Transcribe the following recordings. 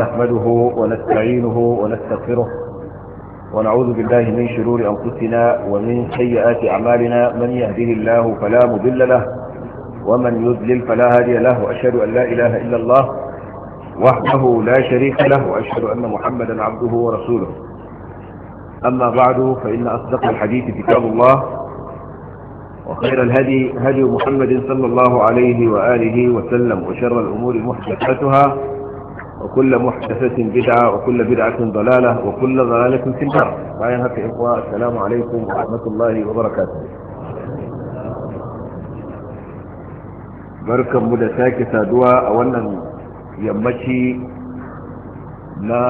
نحمده ونستعينه ونستغفره ونعوذ بالله من شرور أنفسنا ومن سيئات أعمالنا من يهده الله فلا مضل له ومن يذلل فلا هادي له وأشهد أن لا إله إلا الله وحده لا شريك له وأشهد أن محمدا عبده ورسوله أما بعد فإن أصدق الحديث كتاب الله وخير الهدي هدي محمد صلى الله عليه وآله وسلم وشر الأمور محدثاتها وكل محدثة بدعة وكل بدعة ضلالة وكل ضلالة في النار أيها الإخوة إخوة السلام عليكم ورحمة الله وبركاته بركة مدساك سادوا أولا يمشي لا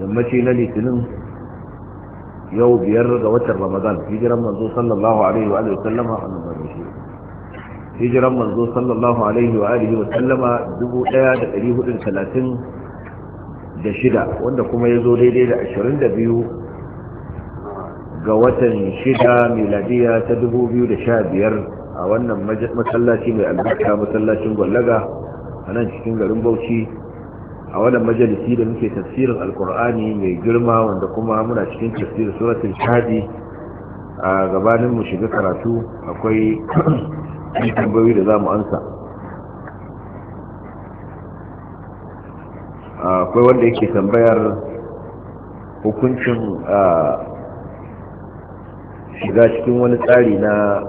يمشي للي تنم يوم بيرغ وتر رمضان في جرم صلى الله عليه وآله وسلم وعلى الله hijiran manzo sallallahu alaihi wa alihi wa sallama 1436 wanda kuma ya zo daidai da 22 ga watan 6 miladiya ta 2015 a wannan masallaci mai albarka masallacin gwallaga a nan cikin garin bauchi a wannan majalisi da muke tafsirin alkur'ani mai girma wanda kuma muna cikin tafsirin suratul shadi a gabanin mu shiga karatu akwai tambayoyi da za mu ansa akwai wanda yake tambayar hukuncin shiga cikin wani tsari na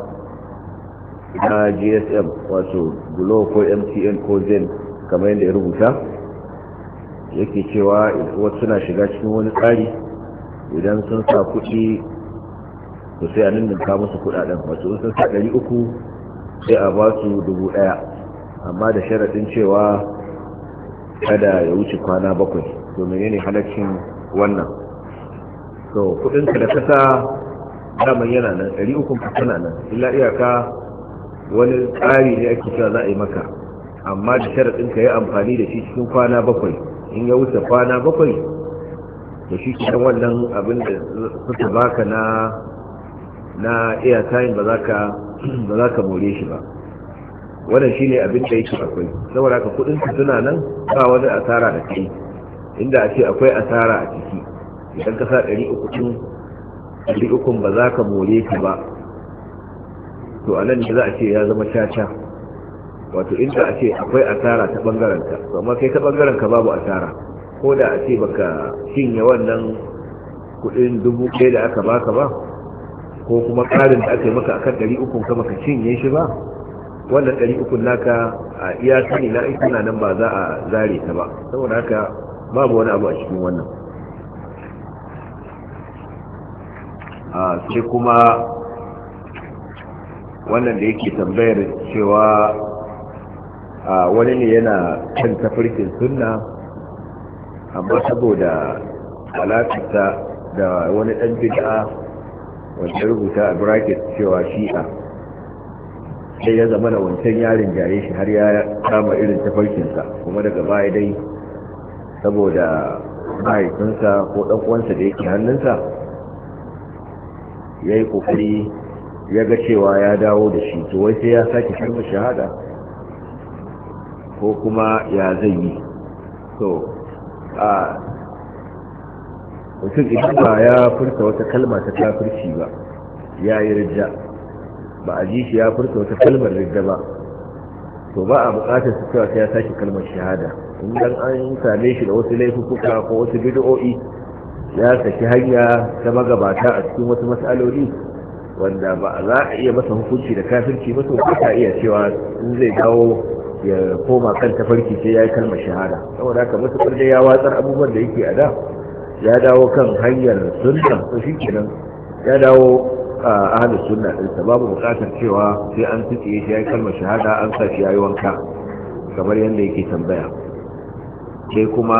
na gsm wato gulo ko mtn ko zen kamar yadda ya rubuta yake cewa wasu suna shiga cikin wani tsari idan sun sa kuɗi to sai a kawo musu kuɗaɗen wato sun sa ɗari uku sai a ba su dubu daya amma da sharaɗin cewa kada ya wuce kwana bakwai domin ne halaccin wannan so ka da kasa daman yana nan ɗari ukun kasana nan illa iyaka wani tsari ne ake cewa za a yi maka amma da sharaɗin ka yi amfani da shi cikin kwana bakwai in ya wuce kwana bakwai da shi cikin wannan abin da suka baka na na iya tayin ba za ka more shi ba wannan shine abin da yake akwai saboda haka kudin ka suna nan ba wani asara da kai inda a ce akwai asara a ciki idan ka sa 300 ba za ka more ka ba to a nan ne za a ce ya zama caca wato inda a ce akwai asara ta bangaren ka to amma kai ta bangaren ka babu asara ko da a ce baka cinye wannan kudin dubu ɗaya da aka baka ba ko kuma karin da aka yi maka akan ɗari uku ka maka cinye shi ba wannan ɗari uku naka a iya sani na in suna nan ba za a zare ta ba saboda haka babu wani abu a cikin wannan sai kuma wannan da yake tambayar cewa wani ne yana kan tafarkin sunna amma saboda alaƙarsa da wani ɗan bid'a wanda rubuta a bracket cewa shi'a sai ya zama da wancan yarin jaye shi har ya kama irin tafarkinsa kuma daga baya dai saboda mahaifinsa ko ɗan'uwansa da yake hannunsa ya yi ƙoƙari ya ga cewa ya dawo da shi to wai sai ya sake kalmar shahada ko kuma ya zai yi so a mutum idan ba ya furta wata kalma ta kafirci ba ya yi rijja ba a ji shi ya furta wata kalmar rijja ba to ba a bukatar su cewa ya sake kalmar shahada in an same shi da wasu laifuka ko wasu bid'o'i ya saki hanya ta magabata a cikin wasu matsaloli wanda ba za a iya masa hukunci da kafirci ba to ba iya cewa in zai dawo ya koma kan tafarki sai ya yi kalmar shahada saboda haka matuƙar da ya watsar abubuwan da yake a da ya dawo kan hanyar sunna ko shi kenan ya dawo a ahli sunna ɗinsa babu bukatar cewa sai an tutsiye shi ya yi kalmar shahada an sa shi ya yi wanka kamar yadda yake tambaya sai kuma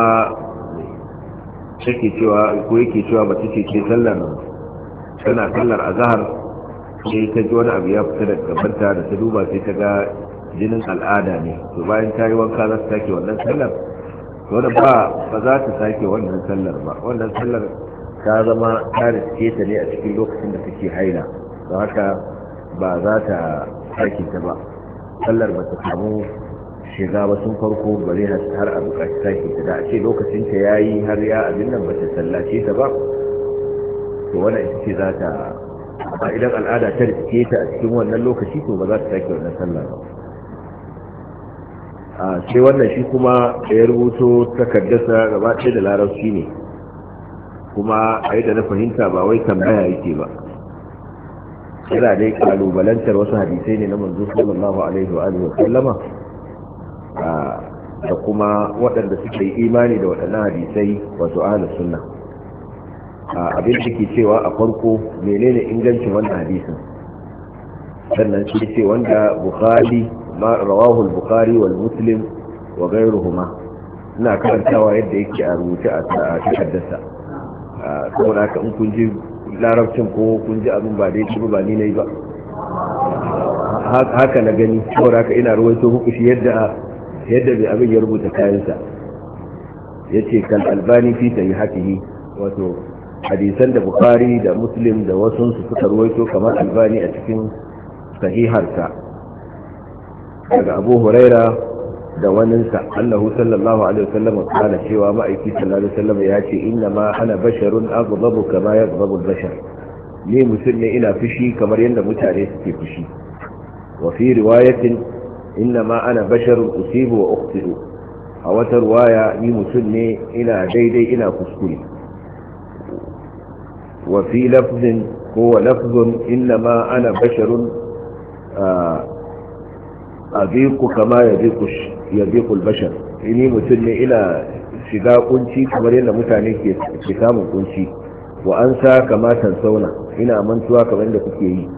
shi cewa ko yake cewa ba take ce sallar tana sallar azhar sai ta ji wani abu ya fita da gabanta da ta duba sai ta ga jinin al'ada ne to bayan ta yi wanka za ta take wannan sallar To wanda ba ba za ta sake wannan sallar ba wannan sallar ta zama ta rike ta ne a cikin lokacin da take haila don haka ba za ta sake ta ba sallar ba ta samu shiga ba sun farko bare har a bukaci sake ta da a ce lokacin ta yayi har ya abin nan ba ta sallace ta ba to wannan ita ce za ta ba idan al'ada ta rike ta a cikin wannan lokaci to ba za ta sake wannan sallar ba a sai wannan shi kuma da ya rubuto takardarsa gaba ɗaya da larabci ne kuma a yi da na fahimta ba wai tambaya yake ba yana dai kalubalantar wasu hadisai ne na manzo sallallahu alaihi wa alihi wa sallama da kuma waɗanda suke yi imani da waɗannan hadisai wato ahlus sunna abin da ke cewa a farko menene ingancin wannan hadisin sannan shi ce wanda bukhari rawahu al-bukhari wal muslim wa ghayruhuma ina karantawa yadda yake a rubuce a takaddarsa saboda haka in kun ji larabcin ko kun ji abin ba dai ba ni nayi ba haka na gani saboda haka ina ruwaito muku shi yadda yadda bai abin ya rubuta kayansa ya ce kal albani fi sahihihi wato hadisan da bukari da muslim da wasu su suka ruwaito kamar albani a cikin sahiharsa daga abu huraira da waninsa allahu sallallahu alaihi wasallam kana cewa ma'aiki sallallahu alaihi wasallam ya ce inna ma ana basharun aghdabu kama yaghdabu al-bashar ni mutum ne ina fushi kamar yadda mutane suke fushi wa fi riwayatin inna ma ana basharun usibu wa ukhti'u a wata riwaya ni mutum ne ina daidai ina kuskure wa fi lafzin ko lafzun inna ma ana basharun ah, aziku kama yaziku bashar ini mutum ne ina shiga kunci kamar yadda mutane ke samun kunci wa an sa kama tansauna ina mantuwa kamar yadda kuke yi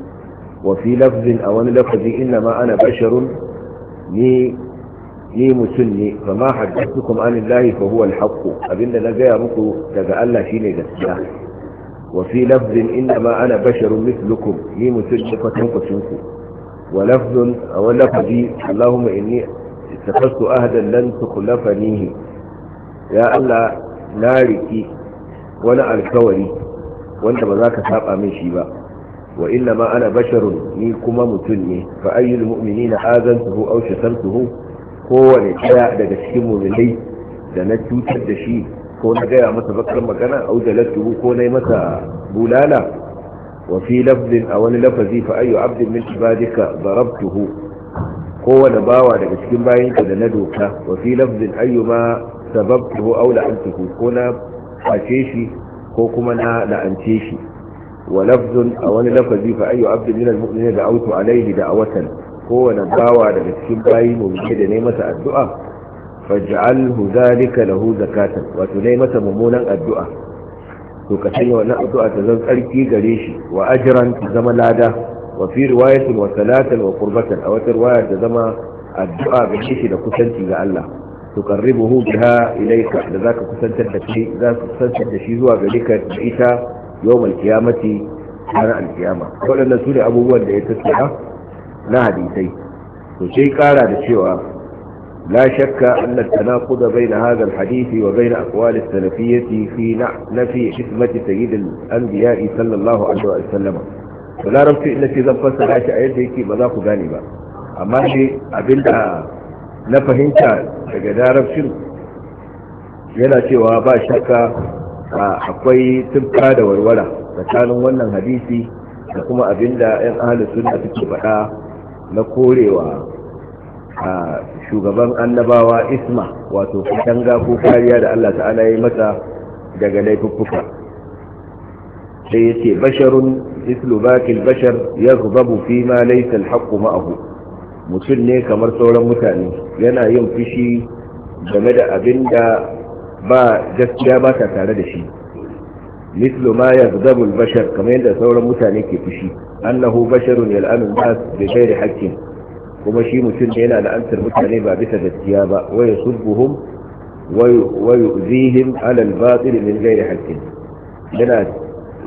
wa fi lafzin a wani lafazi ina ma ana basharun ni ni mutum ne fa ma haddathukum anillahi fa huwa alhaq abinda na gaya muku daga Allah shine gaskiya wa fi lafzin inna ma ana basharun mithlukum ni mutum ne fa tankucinku ولفظ أو لفظي اللهم إني اتخذت أهدا لن تخلفنيه يا الله نارك وأنا الكوري وأنت بذاك سابع من شيبا وإنما أنا بشر منكما متني فأي المؤمنين آذنته أو شتمته هو نجاء لدشكم من لي لنجوت الدشي ko na gaya masa bakar magana au da lattubu ko na yi masa bulala وفي لفظ أو لفظي فأي عبد من عبادك ضربته kowane bawa daga cikin bayanka da na doka wa fi lafzin ayyuma sababtuhu aw la'antuhu ko na shi ko kuma na la'ance shi wa lafzun a wani lafazi fa ayyu abdin min almu'minina da autu alaihi da bawa daga cikin bayi mu'mini da ne masa addu'a faj'alhu zalika lahu zakatan wato ne masa mummunan addu'a to ka sanya wannan addu'a ta zan tsarki gare shi wa ajran zama lada wa fi riwayatin wa salatan wa qurbatan a wata riwaya ta zama addu'a ga shi da kusanci ga Allah tuqarribuhu biha ilayka da zaka kusantar da shi zaka kusantar da shi zuwa gare ka da ita yawmal qiyamati ranar alkiyama waɗannan su ne abubuwan da ya tattara na hadisai to sai kara da cewa لا شك أن التناقض بين هذا الحديث وبين أقوال السلفية في نفي حكمة سيد الأنبياء صلى الله عليه وسلم ولا رمشي إلا في ذنب فسر شعير ديكي مذاق غالبا أما شيء أبدا نفهمت فقد رمشي yana cewa ba shakka akwai tufka da warwara tsakanin wannan hadisi da kuma abinda 'yan ahalus sunna suke faɗa na korewa A shugaban annabawa isma wato katanga ko kariya da Allah ta'ala ya yi masa daga laifuffuka sai yace basharun mislu bakil bashar yaghdabu fi ma laysa alhaq ma'ahu mutum ne kamar sauran mutane yana yin fushi game da abin da ba gaskiya ba ta tare da shi mislu ma yaghdabu bashar kamar yadda sauran mutane ke fushi annahu basharun yal'anu nas bi ghairi hakkin. kuma shi mutum da yana la'antar mutane ba bisa gaskiya ba wa yasubbuhum wa yu'zihim ala batil min ghairi haqqin yana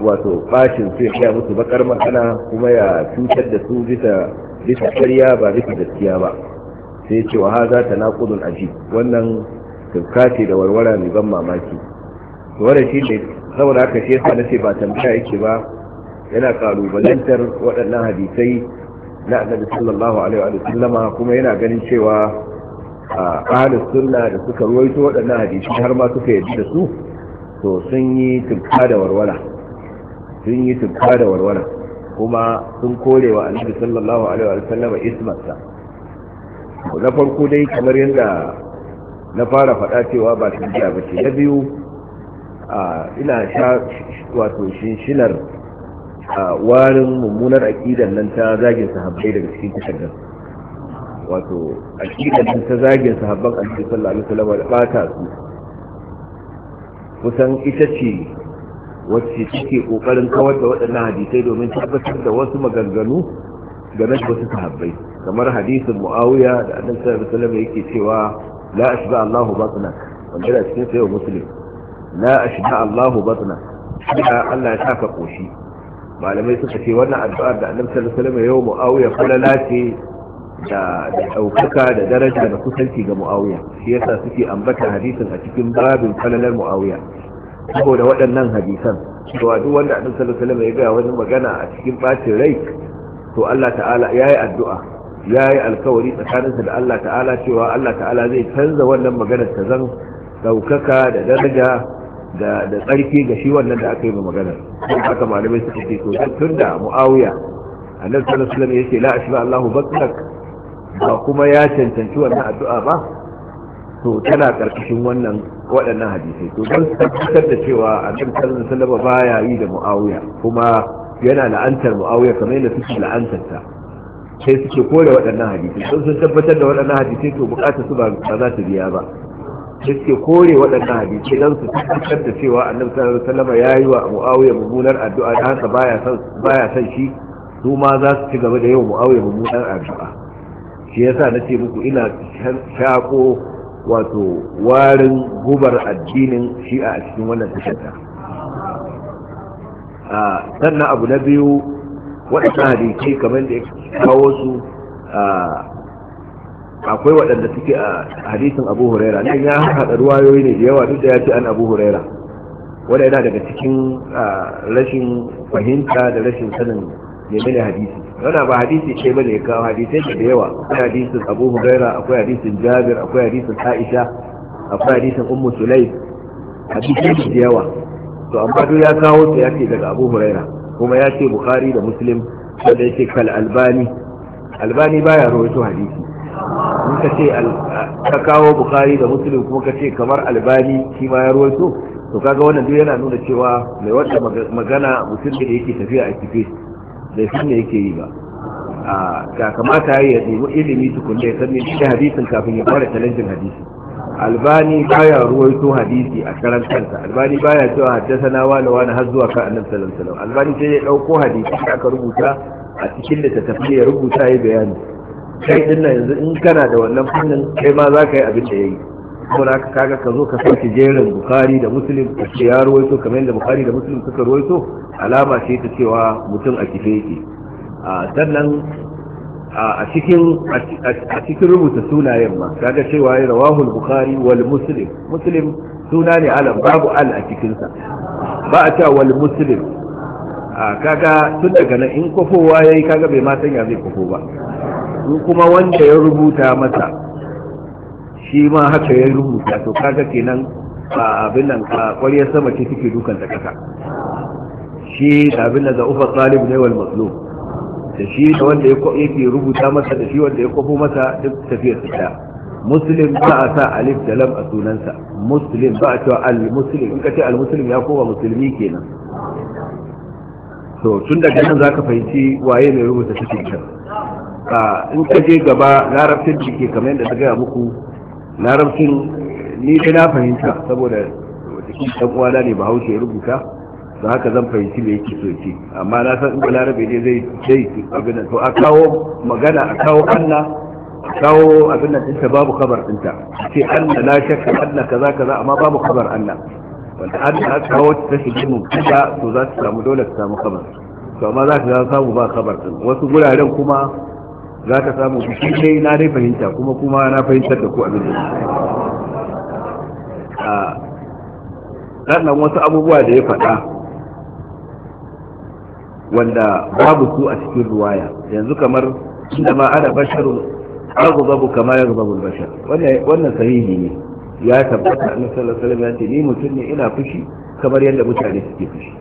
wato bashin su ya musu bakar makana kuma ya cutar da su bisa bisa ba bisa gaskiya ba sai ce wa haza tanaqudun aji wannan tunkace da warwara mai ban mamaki wanda shi ne saboda haka shi yasa nace ba tambaya yake ba yana kalubalantar waɗannan hadisai na annabi sallallahu alaihi wa sallam kuma yana ganin cewa ahlus sunna da suka ruwaito waɗannan hadisi har ma suka yadda da su to sun yi tuka da warwala sun yi tuka da warwala kuma sun kore wa annabi sallallahu alaihi wa sallam ismarsa na farko dai kamar yadda na fara faɗa cewa ba tunjiya ba ce na biyu ina sha wato shinshinar A warin mummunar aƙidar nan ta zagin sahabbai daga cikin takardar wato aƙidar nan ta zagin sahabban annabi sallallahu alaihi wasallam da bata su kusan ita ce wacce take kokarin kawar da waɗannan hadisai domin tabbatar da wasu maganganu game da wasu sahabbai kamar hadisin muawiya da annabi sallallahu alaihi wasallam yake cewa la ashba Allahu batnak wanda da cikin sayyid muslim la ashba Allahu batnak Allah ya saka koshi malamai suka ce wannan addu'ar da annabi sallallahu alaihi wasallam yau muawiya falala ce da da daukaka da daraja da kusanci ga muawiya shi yasa suke ambata hadisin a cikin babin falalar muawiya saboda waɗannan hadisan cewa duk wanda annabi sallallahu alaihi wasallam ya ga wani magana a cikin bacin rai to Allah ta'ala yayi addu'a yayi alkawari tsakaninsa da Allah ta'ala cewa Allah ta'ala zai canza wannan maganar ta zan daukaka da daraja da tsarki ga shi wannan da aka yi magana don haka malamai suka ce to tun da muawiya annabi sallallahu alaihi ya ce la ashba Allahu bakrak ba kuma ya cancanci wannan addu'a ba to tana karkashin wannan waɗannan hadisai to don tabbatar da cewa annabi sallallahu alaihi wasallam baya yi da muawiya kuma yana la'antar muawiya kamar yadda suke la'antar ta sai suke kore waɗannan hadisai don sun tabbatar da waɗannan hadisai to bukatar su ba za ta biya ba da suke kore waɗannan hadisi don su tabbatar da cewa annabi sallallahu alaihi wasallam ya yi wa muawiya mummunar addu'a da haka baya san baya son shi su ma za su ci gaba da yau muawiya mummunar addu'a shi yasa nace muku ina shaƙo wato warin gubar addinin shi'a a cikin wannan tashata a sannan abu na biyu waɗannan hadisi kamar da ya kawo su akwai waɗanda suke a hadisin abu huraira nan ya haɗa ruwayoyi ne da yawa duk da ya ce an abu huraira wanda yana daga cikin rashin fahimta da rashin sanin menene hadisi wanda ba hadisi ce bane ya kawo hadisai da yawa akwai hadisin abu huraira akwai hadisin jabir akwai hadisin aisha akwai hadisin ummu sulaim hadisai da yawa to amma duk ya kawo su ya ce daga abu huraira kuma ya ce bukhari da muslim wanda ya ce kal albani albani baya rawaito hadisi in ka ce ka kawo bukari da musulun kuma ka ce kamar albani shi ma ya ruwaito to kaga wannan duk yana nuna cewa mai wata magana musulmi da yake tafiya a cikin da shi ne yake yi ba a kamata ya nemi ilimi tukunne ya san ne hadisin kafin ya fara talentin hadisi albani baya ruwaito hadisi a karan kansa albani baya cewa haddasa wani wani har zuwa kan annabi sallallahu alaihi wasallam albani sai ya dauko hadisi aka rubuta a cikin da ta tafiya rubuta ya bayani kai din nan yanzu in kana da wannan fannin kai ma za ka yi abin da ya yi kuma ka kaga ka zo ka sauke jerin bukari da musulun ka ce ya ruwaito kamar yadda bukari da musulun suka ruwaito alama ce ta cewa mutum a kife yake a cikin a cikin rubuta sunayen ma kaga cewa ya rawahul bukari wal musulun musulun suna ne alam babu al a cikinsa ba a cewa wal musulun kaga tun daga nan in kofowa yi kaga bai ma sanya zai kofo ba shi kuma wanda ya rubuta masa shi ma haka ya rubuta to kaga kenan ba abin nan ka kwarya sama ce take dukan ta kasa shi da abin da ufa talib ne wal maslum da shi da wanda yake rubuta masa da shi wanda ya kwafo masa duk tafiyar su ta. muslim ba a sa alif da lam a sunansa muslim ba a cewa al-muslim in ka ce al-muslim ya kowa musulmi kenan to tun daga nan zaka fahimci waye ne rubuta cikin kan in ka je gaba larabcin ciki kamar yadda ta gaya muku larabcin ni dai na fahimta saboda watakin ɗan uwana ne bahaushe ya rubuta don haka zan fahimci me yake so ce amma na san in larabe ne zai zai abin nan to a kawo magana a kawo Allah kawo abin da ɗinta babu kabar ɗinta ce Allah la shakka Allah kaza kaza amma babu kabar Allah wanda da aka kawo ta shi mu kuka to za ta samu dole ta samu kabar to amma za ka samu ba kabar ɗin wasu guraren kuma za ka samu shi ne na dai fahimta kuma kuma na fahimtar da ku abin da a sannan wasu abubuwa da ya faɗa wanda babu su a cikin ruwaya yanzu kamar inda ma ana basharun babu kama ya zubabu bashar wannan sahihi ne ya tabbata a sallallahu alaihi wasallam ya ce ni mutum ne ina fushi kamar yadda mutane suke fushi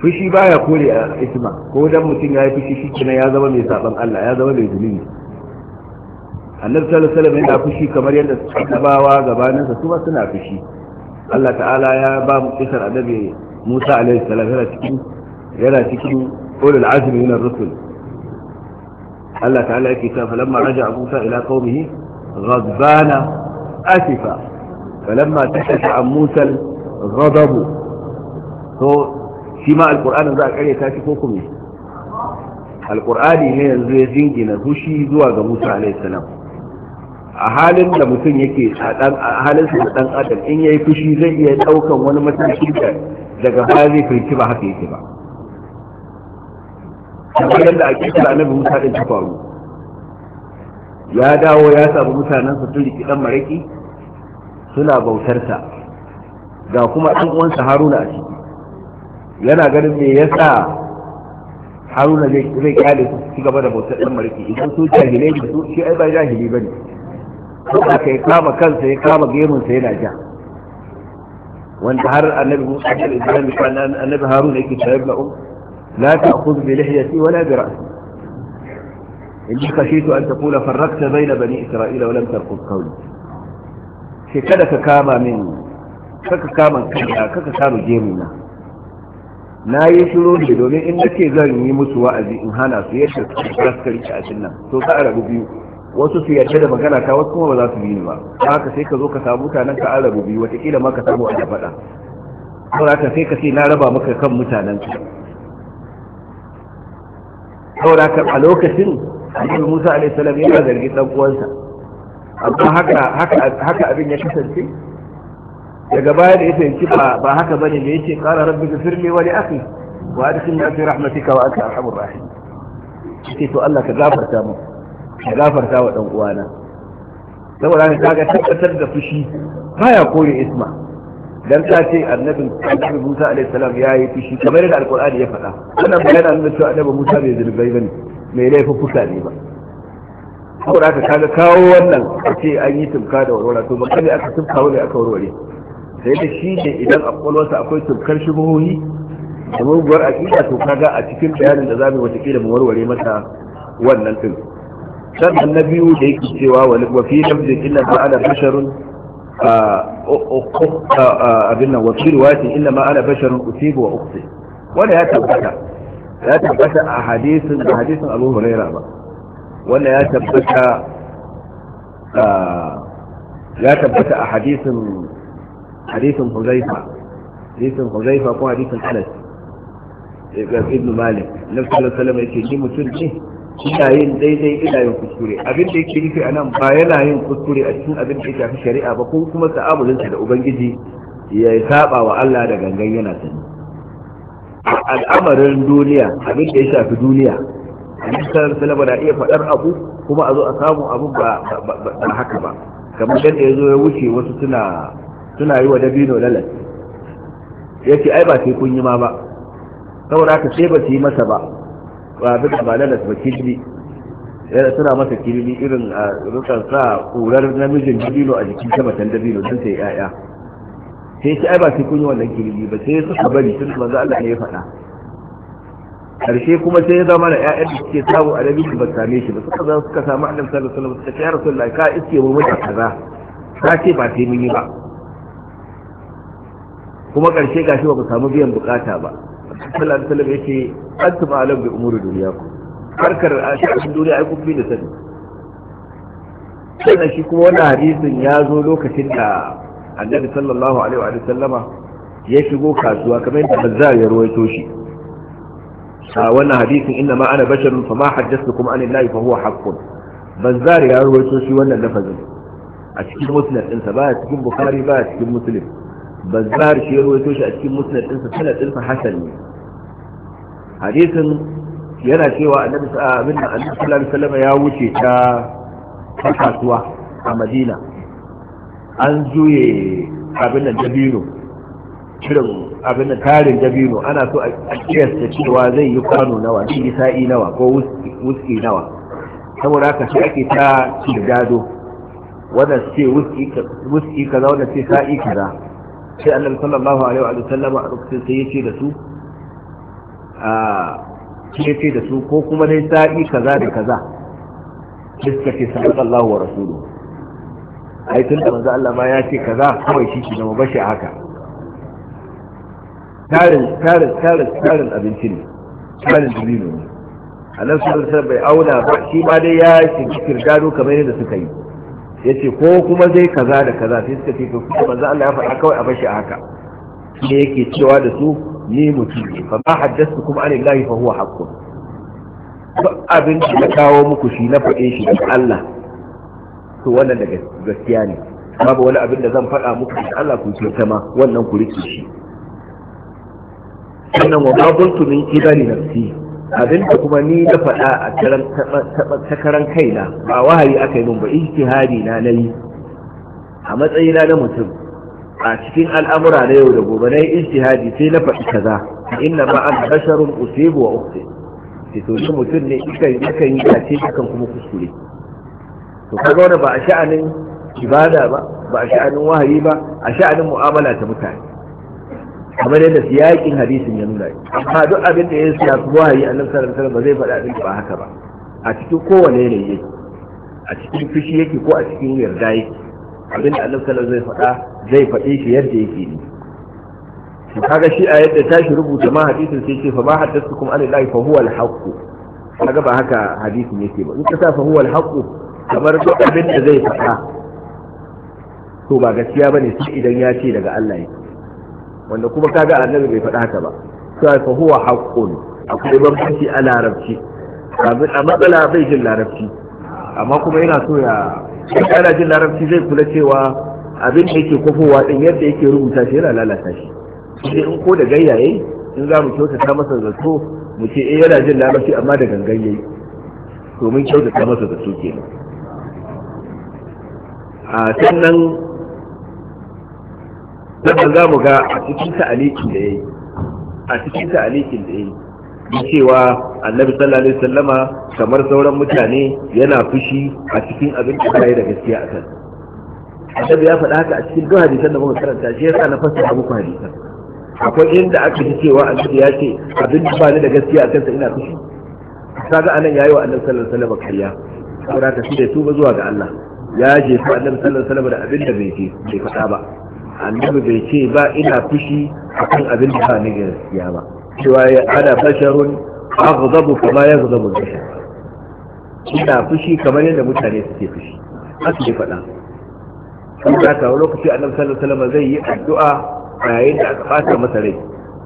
fushi baya kore a isma ko dan mutum ya yi fushi shi kina ya zama mai saban Allah ya zama mai zulumi annabi sallallahu alaihi wasallam yana fushi kamar yadda sahabawa gabanin sa kuma suna fushi Allah ta'ala ya ba mu kisar annabi Musa alaihi salam yana cikin yana cikin ulul azmi min ar-rusul Allah ta'ala yake cewa falamma raja'a Musa ila qaumihi ghadbana asifa falamma tasha'a Musa al-ghadab to shi ma alƙur'anin za a ƙare ta shi ko kuma alƙur'ani ne yanzu ya jingina fushi zuwa ga musa alaihi salam a halin da mutum yake a halin sa dan adam in yayi fushi zai iya daukan wani mataki da daga baya zai fahimci ba haka yake ba kamar yadda a kisa annabi Musa din faru ya dawo ya samu mutanen su turiki dan maraki suna bautar ga kuma dan uwansa Haruna a ciki yana ganin me yasa haruna zai zai kyale su ci gaba da bautar dan mariki idan su jahilai ne su shi ai ba jahili bane ko aka ya kama kansa ya kama gemun sa yana ja wanda har annabi Musa alaihi salam kan annabi haruna yake cewa da um la ta'khudh bi lihyati wala bi ra'si inni kashitu an taqula farraqta bayna bani isra'ila wa lam tarqud qawli shi kada ka kama min kaka kama kanka kaka kama gemuna na yi shiru ne domin in nake zan yi musu wa'azi in hana su yadda su raskar a a nan to a rabu biyu wasu su yarda da magana ta wasu kuma ba za su bi ni ba haka sai ka zo ka samu mutanen ka rabu biyu wataƙila ma ka samu a faɗa saboda haka sai ka ce na raba maka kan mutanen ka saboda haka a lokacin annabi Musa alaihi salam yana zargin dan uwansa amma haka haka haka abin ya kasance daga baya da ya fahimci ba haka bane me yace qala rabbi ghfirli wa li akhi wa cikin fi rahmatika wa anta arhamur rahim ce to Allah ka gafarta mu ka gafarta wa dan uwana saboda ta ga tabbatar da fushi baya kore isma dan ta ce annabin annabi Musa alaihi salam ya yi fushi kamar da alqur'ani ya faɗa wannan bayanin annabi cewa annabi Musa bai zulubai bane mai fuka ne ba saboda ka ga kawo wannan ce an yi tumka da warwara to ba kai aka tumka wani aka warware sai da shi ne idan a kwalwarsa akwai tukar shubuhohi da muguwar aƙida to kaga a cikin bayanin da za mu watakila mu warware masa wannan din sannan na biyu da yake cewa wafi fi lafzin ina ma ana basharun abin nan wa fi riwayatin illa ma ana basharun usibu wa uqsi wanda ya tabbata ya tabbata a hadisin a hadisin Abu Hurairah ba wanda ya tabbata ya tabbata a hadisin hadisin huzaifa hadisin huzaifa ko hadisin anas ibn malik nabi sallallahu alaihi wasallam yake ni mutum ne ina yin daidai ina yin kuskure abin da yake nufi anan ba yana yin kuskure a cikin abin da ya shafi shari'a ba ko kuma ta'amulinsa da ubangiji ya saba wa Allah da gangan yana sani al'amarin duniya abin da ya shafi duniya abin sanar salama na iya faɗar abu kuma a zo a samu abu ba haka ba kamar yadda ya zo ya wuce wasu suna suna yi wa dabino lalas ya ce ai ba sai kun yi ma ba saboda haka sai ba su yi masa ba ba bi ba lalas ba kirbi yana suna masa kirbi irin a rukar sa ƙurar namijin dabino a jikin ta macen dabino don ta yi 'ya'ya sai ce ai ba sai kun yi wannan kirbi ba sai suka bari tun manzo Allah ne ya faɗa karshe kuma sai ya zama da ƴaƴan da suke samu a dabino ba same shi ba suka zo suka samu annabi sallallahu alaihi wasallam suka ce ya rasulullahi ka iske mu mutum kaza ka ce ba sai mun yi ba kuma ƙarshe gashi ba ku samu biyan bukata ba sallallahu alaihi wasallam yace antum alam bi umuri dunyakum harkar shi'an duniya ai kun fi da sani sannan shi kuma wannan hadisin ya zo lokacin da annabi sallallahu alaihi wa sallama ya shigo kasuwa kamar yadda Bazzar ya ruwaito shi a wannan hadisin inna ma ana basharun fa ma haddathukum an illahi fa huwa haqqun Bazzar ya ruwaito shi wannan lafazin a cikin musnad ɗinsa ba a cikin bukhari ba a cikin muslim bazar shi ya toshe a cikin musnad ɗinsa sanad ɗinsa hasan ne hadisin yana cewa annabi abin da annabi sallallahu alaihi wasallam ya wuce ta kasuwa a madina an juye abin da dabino shirin abin da tarin dabino ana so a kiyasta cewa zai yi kwano nawa zai yi sa'i nawa ko wuski nawa saboda haka sai ake ta kirdado wanda ce wuski kaza wanda ce sa'i kaza sai annabi sallallahu alaihi wa sallam a lokacin sai yace da su a yace da su ko kuma dai sa'i kaza da kaza iska ce sallallahu wa rasulu ai tun da manzo Allah ma ya ce kaza kawai shi ke da mabashi haka tarin tarin tarin tarin abinci ne tarin dabino ne sallallahu alaihi wa sallam bai auna ba shi ma dai ya shiga kirgado kamar yadda suka yi yace ko kuma zai kaza da kaza sai suka ce to kuma manzo Allah ya faɗa kawai a bashi haka shi yake cewa da su ni mutum ne fa ma kuma an Allah fa huwa haqqun abin da na kawo muku shi na faɗe shi daga Allah to wannan daga gaskiya ne babu wani abin da zan faɗa muku da Allah ku ce ma wannan ku rike shi sannan wa ma kuntu min kibari nafsi abin da kuma ni na faɗa a takaran kaina ba wahayi aka yi min ba ijtihadi na nayi a matsayina na mutum a cikin al'amura na yau da gobe na yi ijtihadi sai na faɗi kaza inna ma an basharun usibu wa ukhti sai to shi mutum ne ikan yakan yi kace yakan kuma kuskure to kaga wannan ba a sha'anin ibada ba ba a sha'anin wahayi ba a sha'anin mu'amala ta mutane kamar yadda siyakin hadisin ya nuna amma duk abin da ya siyasu wahayi annabi sallallahu alaihi ba zai faɗa abin ba haka ba a cikin kowane yanayi yake a cikin fushi yake ko a cikin yarda yake abin da annabi sallallahu alaihi faɗa zai faɗe shi yadda yake ne to kaga shi a yadda tashi rubuta ma hadisin sai ce fa ba ma kuma an lillahi fa huwa al-haqq kaga ba haka hadisin yake ba in ka sa fa huwa al-haqq kamar duk abin da zai faɗa to ba gaskiya bane sai idan ya ce daga Allah yake wanda kuma kaga annabi bai faɗa haka ba sai fa huwa haqqun akwai bambanci a larabci kafin a matsala bai jin larabci amma kuma yana so ya kana jin larabci zai kula cewa abin da yake kofowa din yadda yake rubuta shi yana lalata shi sai in ko da gayyaye in za mu kyautata masa zato mu ce eh yana jin larabci amma da gangan yayi Domin kyautata masa zato kenan a sannan sannan za mu ga a cikin ta'alikin da ya yi a cikin ta'alikin da ya yi da cewa annabi sallallahu alaihi wasallama kamar sauran mutane yana fushi a cikin abin da bai da gaskiya akan annabi ya faɗa haka a cikin duk hadisan da muka karanta shi yasa na fassara muku hadisan akwai inda aka ji cewa annabi ya ce abin da ba ni da gaskiya a kansa ina fushi kaga anan yayi wa annabi sallallahu alaihi wasallama kariya saboda ka shi da tuba zuwa ga Allah ya jefa annabi sallallahu alaihi wasallama da abin da bai je bai faɗa ba annabi bai ce ba ina fushi akan abin da ba ni gaskiya ba cewa ya ana basharun aghdabu kama yaghdabu bashar ina fushi kamar yadda mutane suke fushi haka ne faɗa sun da ka lokaci annabi sallallahu alaihi wasallam zai yi addu'a a yayin da aka fata masa rai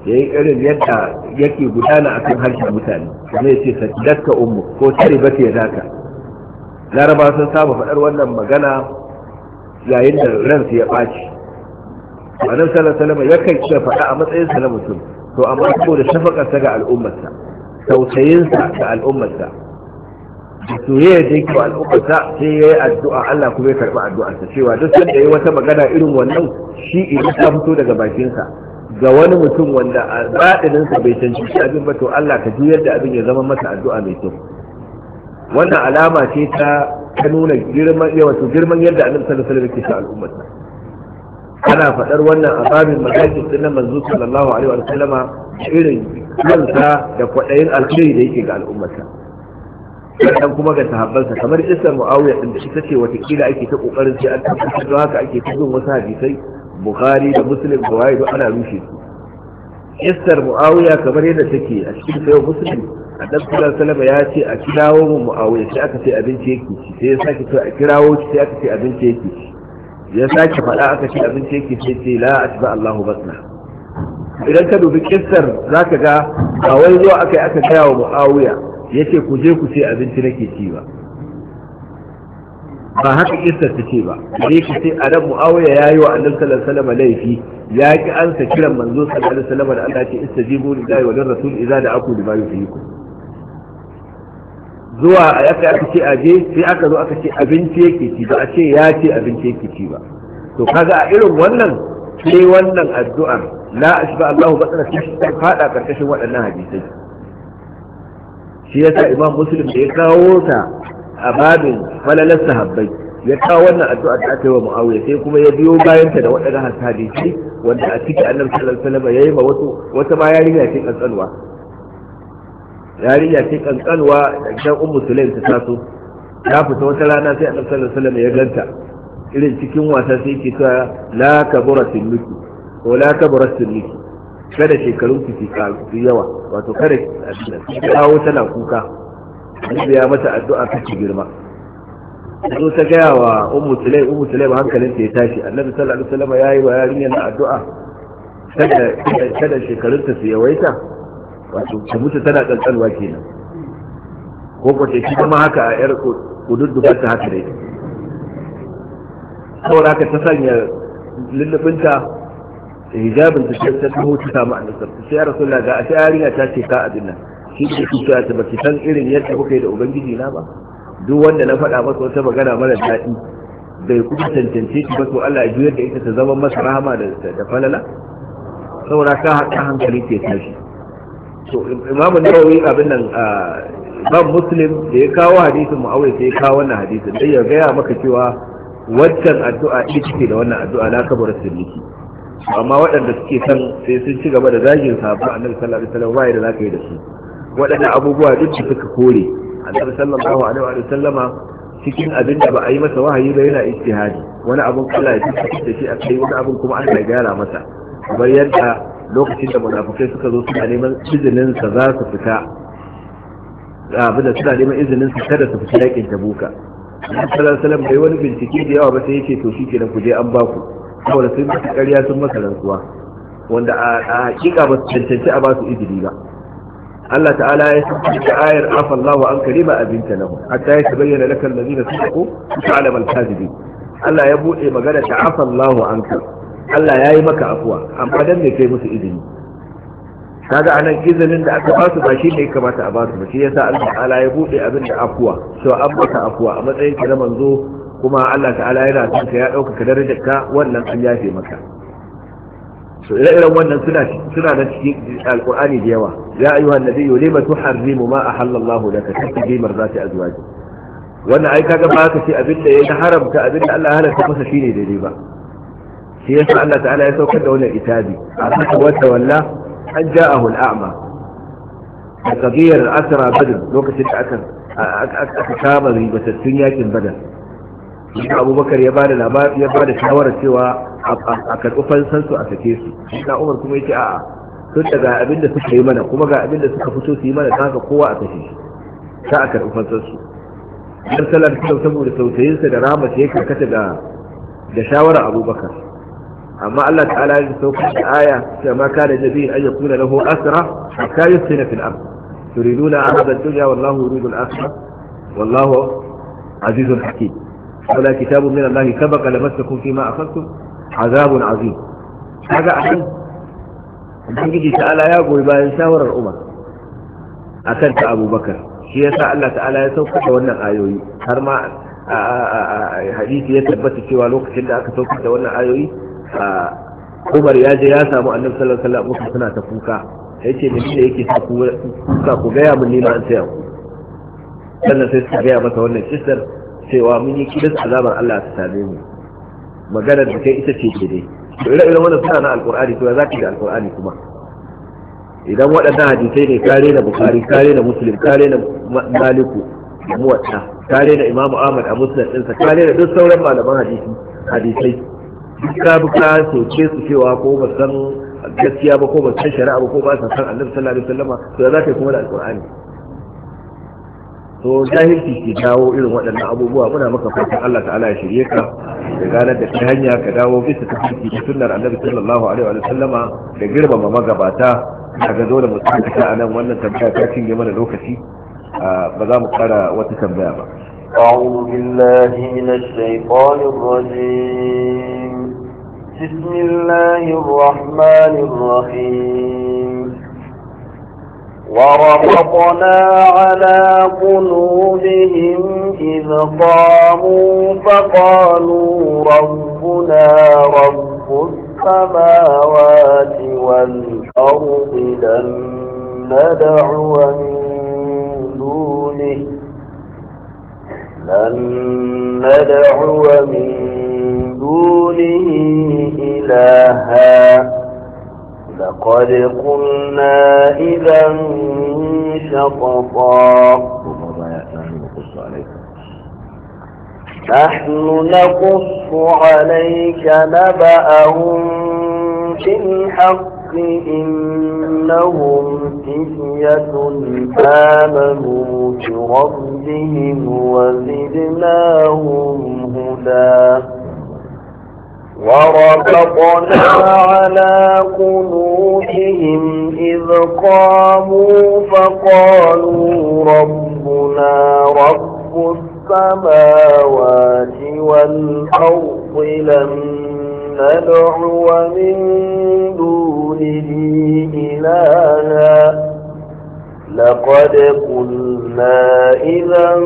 ya yi irin yadda yake gudana akan harshen mutane zai ce sadatka ummu ko tare ba ta zaka laraba sun saba faɗar wannan magana yayin da ransu ya ɓaci annabi sallallahu alaihi wasallam yakan iya faɗa a matsayinsa na mutum to amma saboda shafakar sa ga al'ummarsa tausayinsa sa ga al'ummarsa da soyayya da yake wa al'ummarsa sai yayi addu'a Allah kuma ya karɓi addu'arsa cewa duk sanda yi wata magana irin wannan shi idan ta fito daga bakinsa. ga wani mutum wanda a baɗininsa bai shi, abin ba to Allah ka juyar da abin ya zama masa addu'a mai kyau wannan alama ce ta nuna girman yawa to girman yadda annabi sallallahu alaihi wasallam yake sa al'ummarsa ana faɗar wannan a babin matakin din nan manzo sallallahu alaihi wa sallama irin kansa da kwaɗayin alkhairi da yake ga al'ummarsa sannan kuma ga sahabbansa kamar isar muawiya din da ita ce watakila ake ta kokarin sai an tabbatar da haka ake ta wasu hadisai bukhari da muslim da waye ana rushe su isar muawiya kamar yadda take a cikin sayo muslim a sallallahu alaihi wasallam ya ce a kirawo mu muawiya sai aka ce abinci yake ci sai ya sake to a kirawo shi sai aka ce abinci yake ci ya sake faɗa aka ce abinci yake ce ce la ba Allahu batna idan ka dubi kissar ka ga ba wani zuwa aka yi aka gaya wa ya ce ku je ku ce abinci nake ci ba ba haka kissar ce ba sai ka ce adam ya yi wa Annabi sallallahu alaihi laifi ya ki ansa kiran manzo sallallahu alaihi wasallam da Allah ya ce istajibu lillahi wa lirrasul idza da'akum lima yuhyikum zuwa aka aka ce aje sai aka zo aka ce abinci yake ci ba a ce ya ce abinci yake ci ba to kaga a irin wannan sai wannan addu'ar la ashba Allahu batsana ta fada karkashin waɗannan hadisai shi yasa Imam Muslim da ya kawo ta a babin falalar sahabbai ya kawo wannan addu'a da aka yi wa Muawiya sai kuma ya biyo bayan ta da waɗannan hadisi wanda a ciki Annabi sallallahu alaihi wasallam yayi ma wasu wata ma yarinya cikin kansalwa yarinya ce kankanwa da gidan ummu sulaim ta taso ta fita wata rana sai annabi sallallahu alaihi wasallam ya ganta irin cikin wasa sai ke ta, la kabura sinuki ko la kabura sinuki kada shekarun ku su yawa wato kada ki kawo tana kuka annabi ya mata addu'a ci girma zo ta gaya wa ummu sulaim ummu sulaim hankalin ta ya tashi annabi sallallahu alaihi wasallam yayi wa yarinyar addu'a kada kada shekarun ta su yawaita wato ta tana kankanwa kenan ko kwace shi kuma haka a yar kududdufa ta haka dai saboda haka ta sanya lullubinta hijabin ta ta taho ta samu a nasar sai ya rasu ga a sai ta ce ka abin nan shi ne su ta ta baki san irin yadda kuka yi da ubangiji na ba duk wanda na faɗa masa wata magana mara daɗi bai kuma tantance ta ba to Allah ya juyar da ita ta zama masa rahama da falala saboda ka hankali ke tashi to imamu nawawi abin nan ban muslim da ya kawo hadisin mu'awai sai ya kawo wannan hadisin dai ya gaya maka cewa waccan addu'a ita ce da wannan addu'a na kabar sirriki amma waɗanda suke san sai sun ci gaba da zagin sabu annabi sallallahu alaihi wasallam bai da zaka yi da su waɗanda abubuwa duk da suka kore annabi sallallahu alaihi sallama cikin abin da ba a yi masa wahayi ba yana ijtihadi wani abun Allah ya fi da shi a kai wani abun kuma an gyara masa bayan da lokacin da munafukai suka zo suna neman izinin sa za su fita abin da suna neman izinin su kada su fita yakin tabuka sallallahu alaihi bai wani bincike da yawa ba sai yace to shi kenan ku je an ba ku saboda sun masa ƙarya sun masa rantsuwa wanda a hakika ba su cancanci a ba su izini ba Allah ta'ala ya sanar da ayar afa Allahu an karima abinta lahu hatta ya tabayyana laka allazina sadaqu ta'lamu al-kadhibin Allah ya bude magana ta afa Allahu anka Allah ya yi maka afuwa amma dan me kai musu izini kaga anan izinin da aka basu ba shi ne kamata a basu ba shi yasa Allah ta'ala ya bude abin da afuwa to an baka afuwa a matsayin ka na manzo kuma Allah ta'ala yana son ka ya dauka ka darajar ka wannan an yafe maka to ire-iren wannan suna suna da cikin alqur'ani da yawa ya ayyuha annabiyyu lima tuharrimu ma ahallallahu laka tattabi marzati azwaji wannan ai kaga ba ka ce abin da ya haramta abin da Allah ya halatta masa shine daidai ba shi yasa Allah ta'ala ya saukar da wannan itabi a saka wata walla an ja'ahu al'ama a kabiyar asra badr lokacin da aka aka kama ribatattun yakin badar shi abubakar ya bada labari ya bada shawarar cewa a karɓi fansansu a sake su na umar kuma ya ce a'a sun da ga abin da suka yi mana kuma ga abin da suka fito su yi mana ta haka kowa a kashe shi ta a karɓi fansansu dan salar kyau saboda tausayinsa da rama yake karkata da da shawarar abubakar amma Allah ta'ala ya sauka da aya cewa ma kana nabi an yakuna lahu asra hatta yusina fil ard turiduna arda dunya wallahu yuridu al akhirah wallahu azizun hakim wala kitabu min Allah ya sabaqa ma, fima akhadtum azabun azim kaga anan ubangiji ta'ala ya goyi bayan shawarar umar a kan ta abubakar shi ya sa Allah ta'ala ya sauka da wannan ayoyi har ma a hadisi ya tabbata cewa lokacin da aka sauka da wannan ayoyi kubar ya je ya samu annabi sallallahu alaihi wasallam suna ta kuka ce me ne yake kuka ku ga ya mun nima an tsaya sannan sai suka ga masa wannan kissar cewa mun yi kidan azabar Allah ta same mu maganar da kai ita ce ke dai ira ira wannan suna na alkur'ani to ya zaki da alqur'ani kuma idan waɗannan hadisai ne kare da bukari kare da muslim kare da maliku muwatta kare da imamu ahmad a musnad ɗinsa kare da duk sauran malaman hadisi hadisai duk ka bi ka soke su cewa ko ba san gaskiya ba ko ba san shari'a ba ko ba san san annabi sallallahu alaihi wasallama to za ta yi kuma da alqur'ani to jahilci ke dawo irin waɗannan abubuwa muna maka fatan Allah ta'ala ya shirye ka da ganar da ta hanya ka dawo bisa ta tafi da sunnar annabi sallallahu alaihi wa Sallama, da girmama magabata ga dole mu tsaya a nan wannan tambaya ta cinye mana lokaci ba za mu kara wata tambaya ba أعوذ بالله من الشيطان الرجيم بسم الله الرحمن الرحيم وربطنا على قلوبهم إذ قاموا فقالوا ربنا رب السماوات والأرض لن ندعو من دونه لن ندعو من دونه إلها لقد قلنا إذا شططا نحن نقص عليك نبأهم بالحق إنهم فتية آمنوا بربهم وزدناهم هدى وربطنا على قلوبهم إذ قاموا فقالوا ربنا رب السماوات والأرض لن ندعو من دونه إلها لقد قلنا إذا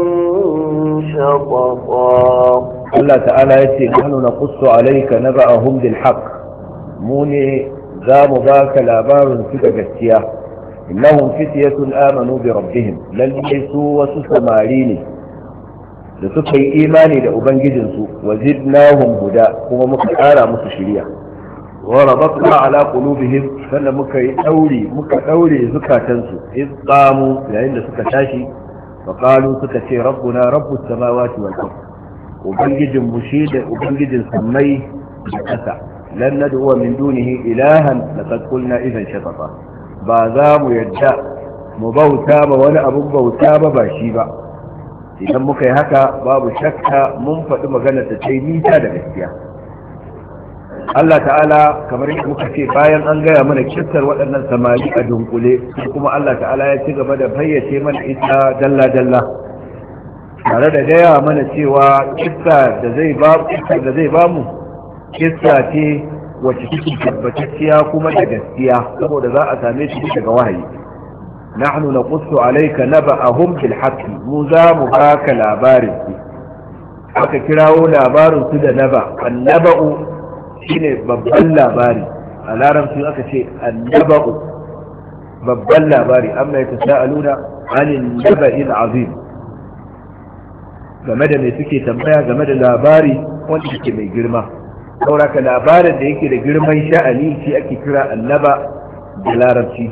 شططا الله تعالى يتي نحن نقص عليك نبأهم بالحق موني زام ذاك لابار سبا جسيا إنهم فتية آمنوا بربهم لن يسوا وسسماريني da suka yi imani da ubangijinsu wa zidnahum huda kuma muka kara musu shiriya wa rabatna ala qulubihim sannan muka yi daure zukatansu iz qamu yayin da suka tashi fa suka ce rabbuna rabbus samawati wal ard ubangijin mu da ubangijin sammai da kasa lan nad'u min dunihi ilahan laqad qulna idhan shatata ba za mu yadda mu bauta ba wani abun bauta ba shi ba idan muka yi haka babu shakka mun faɗi magana da ta yi nisa da gaskiya Allah ta'ala kamar yadda muka ce bayan an gaya mana kisar waɗannan samari a dunkule kuma Allah ta'ala ya ci gaba da fayyace mana ita dalla-dalla tare da gaya mana cewa kista da zai ba da zai ba mu ce wacce take tabbatacciya kuma da gaskiya saboda za a same shi daga wahayi nahnu naqussu alayka naba'ahum bil haqqi mu za mu baka labarin aka kirawo labarin su da naba annaba'u shine babban labari a larabci aka ce annaba'u babban labari amma ya tasa'aluna anin naba'il azim game da mai suke tambaya game da labari wanda suke mai girma sauraka labarin da yake da girman sha'ani shi ake kira annaba da larabci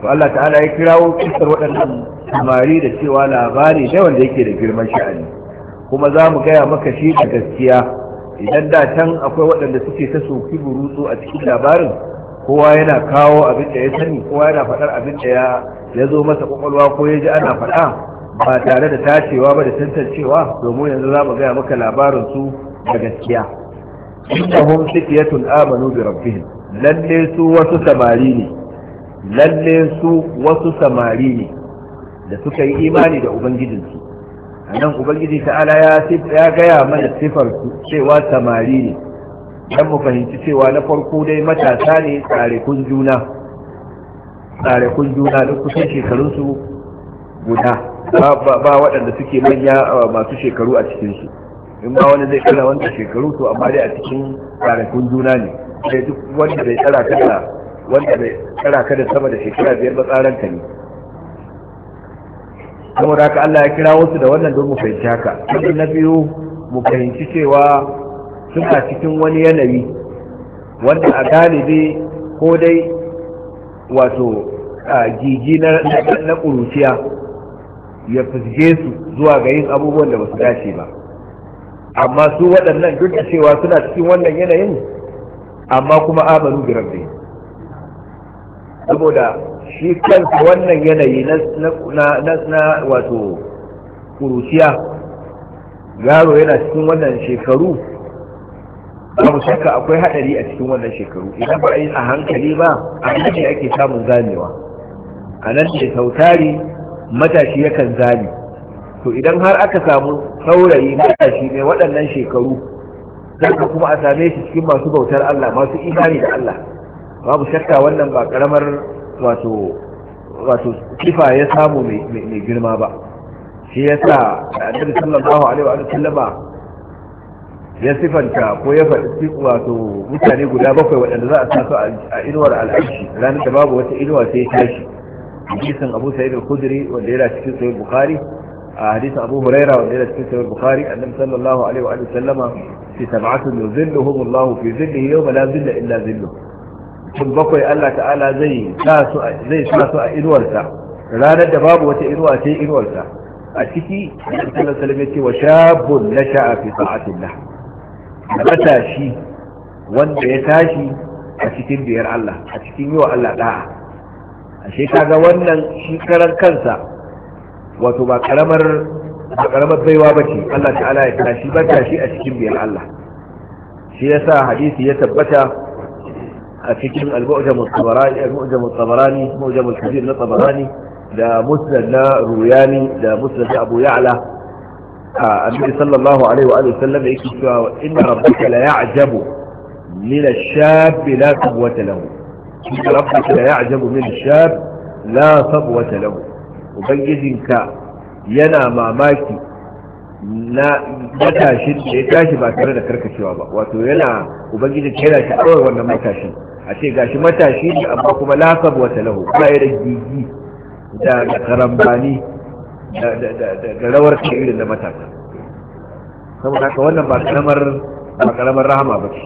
to Allah ta'ala ya kirawo kisar waɗannan samari da cewa labari ne wanda yake da girman sha'ani kuma za mu gaya maka shi da gaskiya idan da can akwai waɗanda suke ta soki burutsu a cikin labarin kowa yana kawo abin da ya sani kowa yana faɗar abin da ya zo masa kwakwalwa ko ya ji ana faɗa ba tare da tacewa ba da tantancewa domin yanzu za mu gaya maka labarin su da gaskiya innahum sikiyatun amanu bi rabbihim lalle su wasu samari ne lalle su wasu samari ne da suka yi imani da ubangijinsu a nan ubangiji ta'ala ya gaya mana sifar cewa samari ne don mu fahimci cewa na farko dai matasa ne tsarekun juna tsarekun juna duk kusan shekarunsu guda ba waɗanda suke manya masu shekaru a cikinsu in ba wani zai kira wanda shekaru to amma dai a cikin tsarekun juna ne sai duk wanda bai tsara kada wanda bai tsara kada sama da shekara biyar ba tsaranta ne saboda haka Allah ya kira wasu da wannan don mu fahimci haka cikin na biyu mu fahimci cewa suna cikin wani yanayi wanda a galibi ko dai wato jiji na ƙuruciya ya fusge su zuwa ga yin abubuwan da ba su dace ba amma su waɗannan duk da cewa suna cikin wannan yanayin amma kuma amanu bi saboda shi kansa wannan yanayi na wato kuruciya yaro yana cikin wannan shekaru babu shakka akwai hadari a cikin wannan shekaru idan ba a a hankali ba a hankali ake samun ganewa a nan ne sautari matashi yakan zane to idan har aka samu saurayi matashi ne waɗannan shekaru ka kuma a same shi cikin masu bautar Allah masu imani da Allah babu shakka wannan ba ƙaramar. wato wato kifa ya samu mai girma ba shi ya sa annabi sallallahu alaihi wa sallama ya sifanta ko ya faɗi wato mutane guda bakwai waɗanda za a sa a inuwar al'arshi ranar da babu wata inuwa sai ya tashi hadisin abu sa'id al-khudri wanda yana cikin sahih bukhari a hadisin abu huraira wanda yana cikin sahih bukhari annabi sallallahu alaihi wa sallama fi sab'atin yuzilluhum Allah fi zillihi yawma la zilla illa zilluhu sun bakwai Allah ta'ala zai sa su a inuwarsa ranar da babu wata inuwa sai inuwarsa a ciki Allah salama ce wa shabun na sha'afi fi sa'atillah da matashi wanda ya tashi a cikin biyar Allah a cikin yi wa Allah da'a ashe kaga wannan shekarar kansa wato ba karamar ba karamar baiwa ba ce Allah ta'ala ya tashi ba tashi a cikin biyar Allah shi ya sa hadisi ya tabbata a cikin al-mu'jam al-tabarani al-mu'jam al-tabarani mu'jam al-kabir na tabarani da musnad na ruyani da musnad na abu ya'la annabi sallallahu alaihi wa alihi sallam yake cewa inna rabbaka la ya'jabu min ash-shab la quwwata lahu inna rabbaka la ya'jabu min ash-shab la quwwata lahu ubangijinka yana mamaki na matashin da ya tashi ba tare da karkacewa ba wato yana ubangijinka yana sha'awar wannan matashin a ce gashi matashi ne amma kuma lasab wata lahu ba ya gigi da karambani da rawar ta irin da matasa saboda haka wannan ba karamar ba karamar rahama ba ce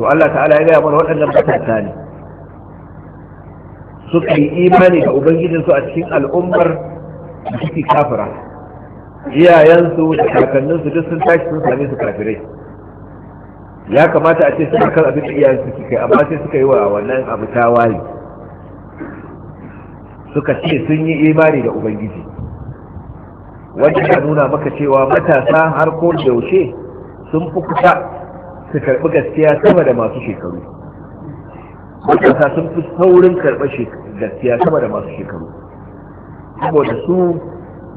to Allah ta'ala ya gaya mana waɗannan matasa ne suka yi imani ga ubangijinsu a cikin al'ummar da suke kafira iyayensu da kakanninsu duk sun tashi sun sami su kafirai ya kamata a ce suna kan abin da iyayen su kai amma sai suka yi wa wannan abu tawaye suka ce sun yi imani da ubangiji wanda ya nuna maka cewa matasa har ko da yaushe sun fi kusa su karɓi gaskiya sama da masu shekaru matasa sun fi saurin karɓar gaskiya sama da masu shekaru saboda su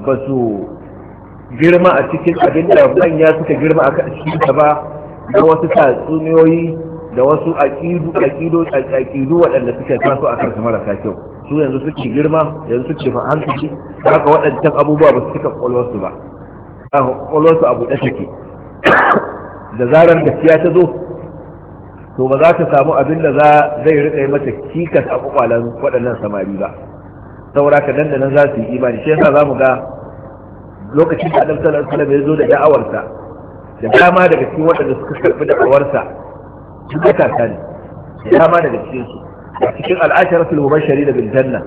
ba su girma a cikin abin da manya suka girma a cikin ba da wasu tatsuniyoyi da wasu aƙidu aƙidu aƙidu waɗanda suke taso a kansu marasa kyau su yanzu suke girma yanzu suke fahimci haka waɗancan abubuwa ba su cika su ba ƙwaƙwalwarsu abu buɗe take da zarar gaskiya ta zo to ba za ka samu abin da zai riƙa yi mata kikas a ƙwaƙwalan waɗannan samari ba saura ka nan za su yi imani shi yasa za mu ga lokacin da annabi sallallahu alaihi wasallam ya zo da da'awarsa da dama daga cikin waɗanda suka karɓi da ƙawarsa sun ga kasa ne da dama daga cikin su a cikin al'ashar fil shari da biljanna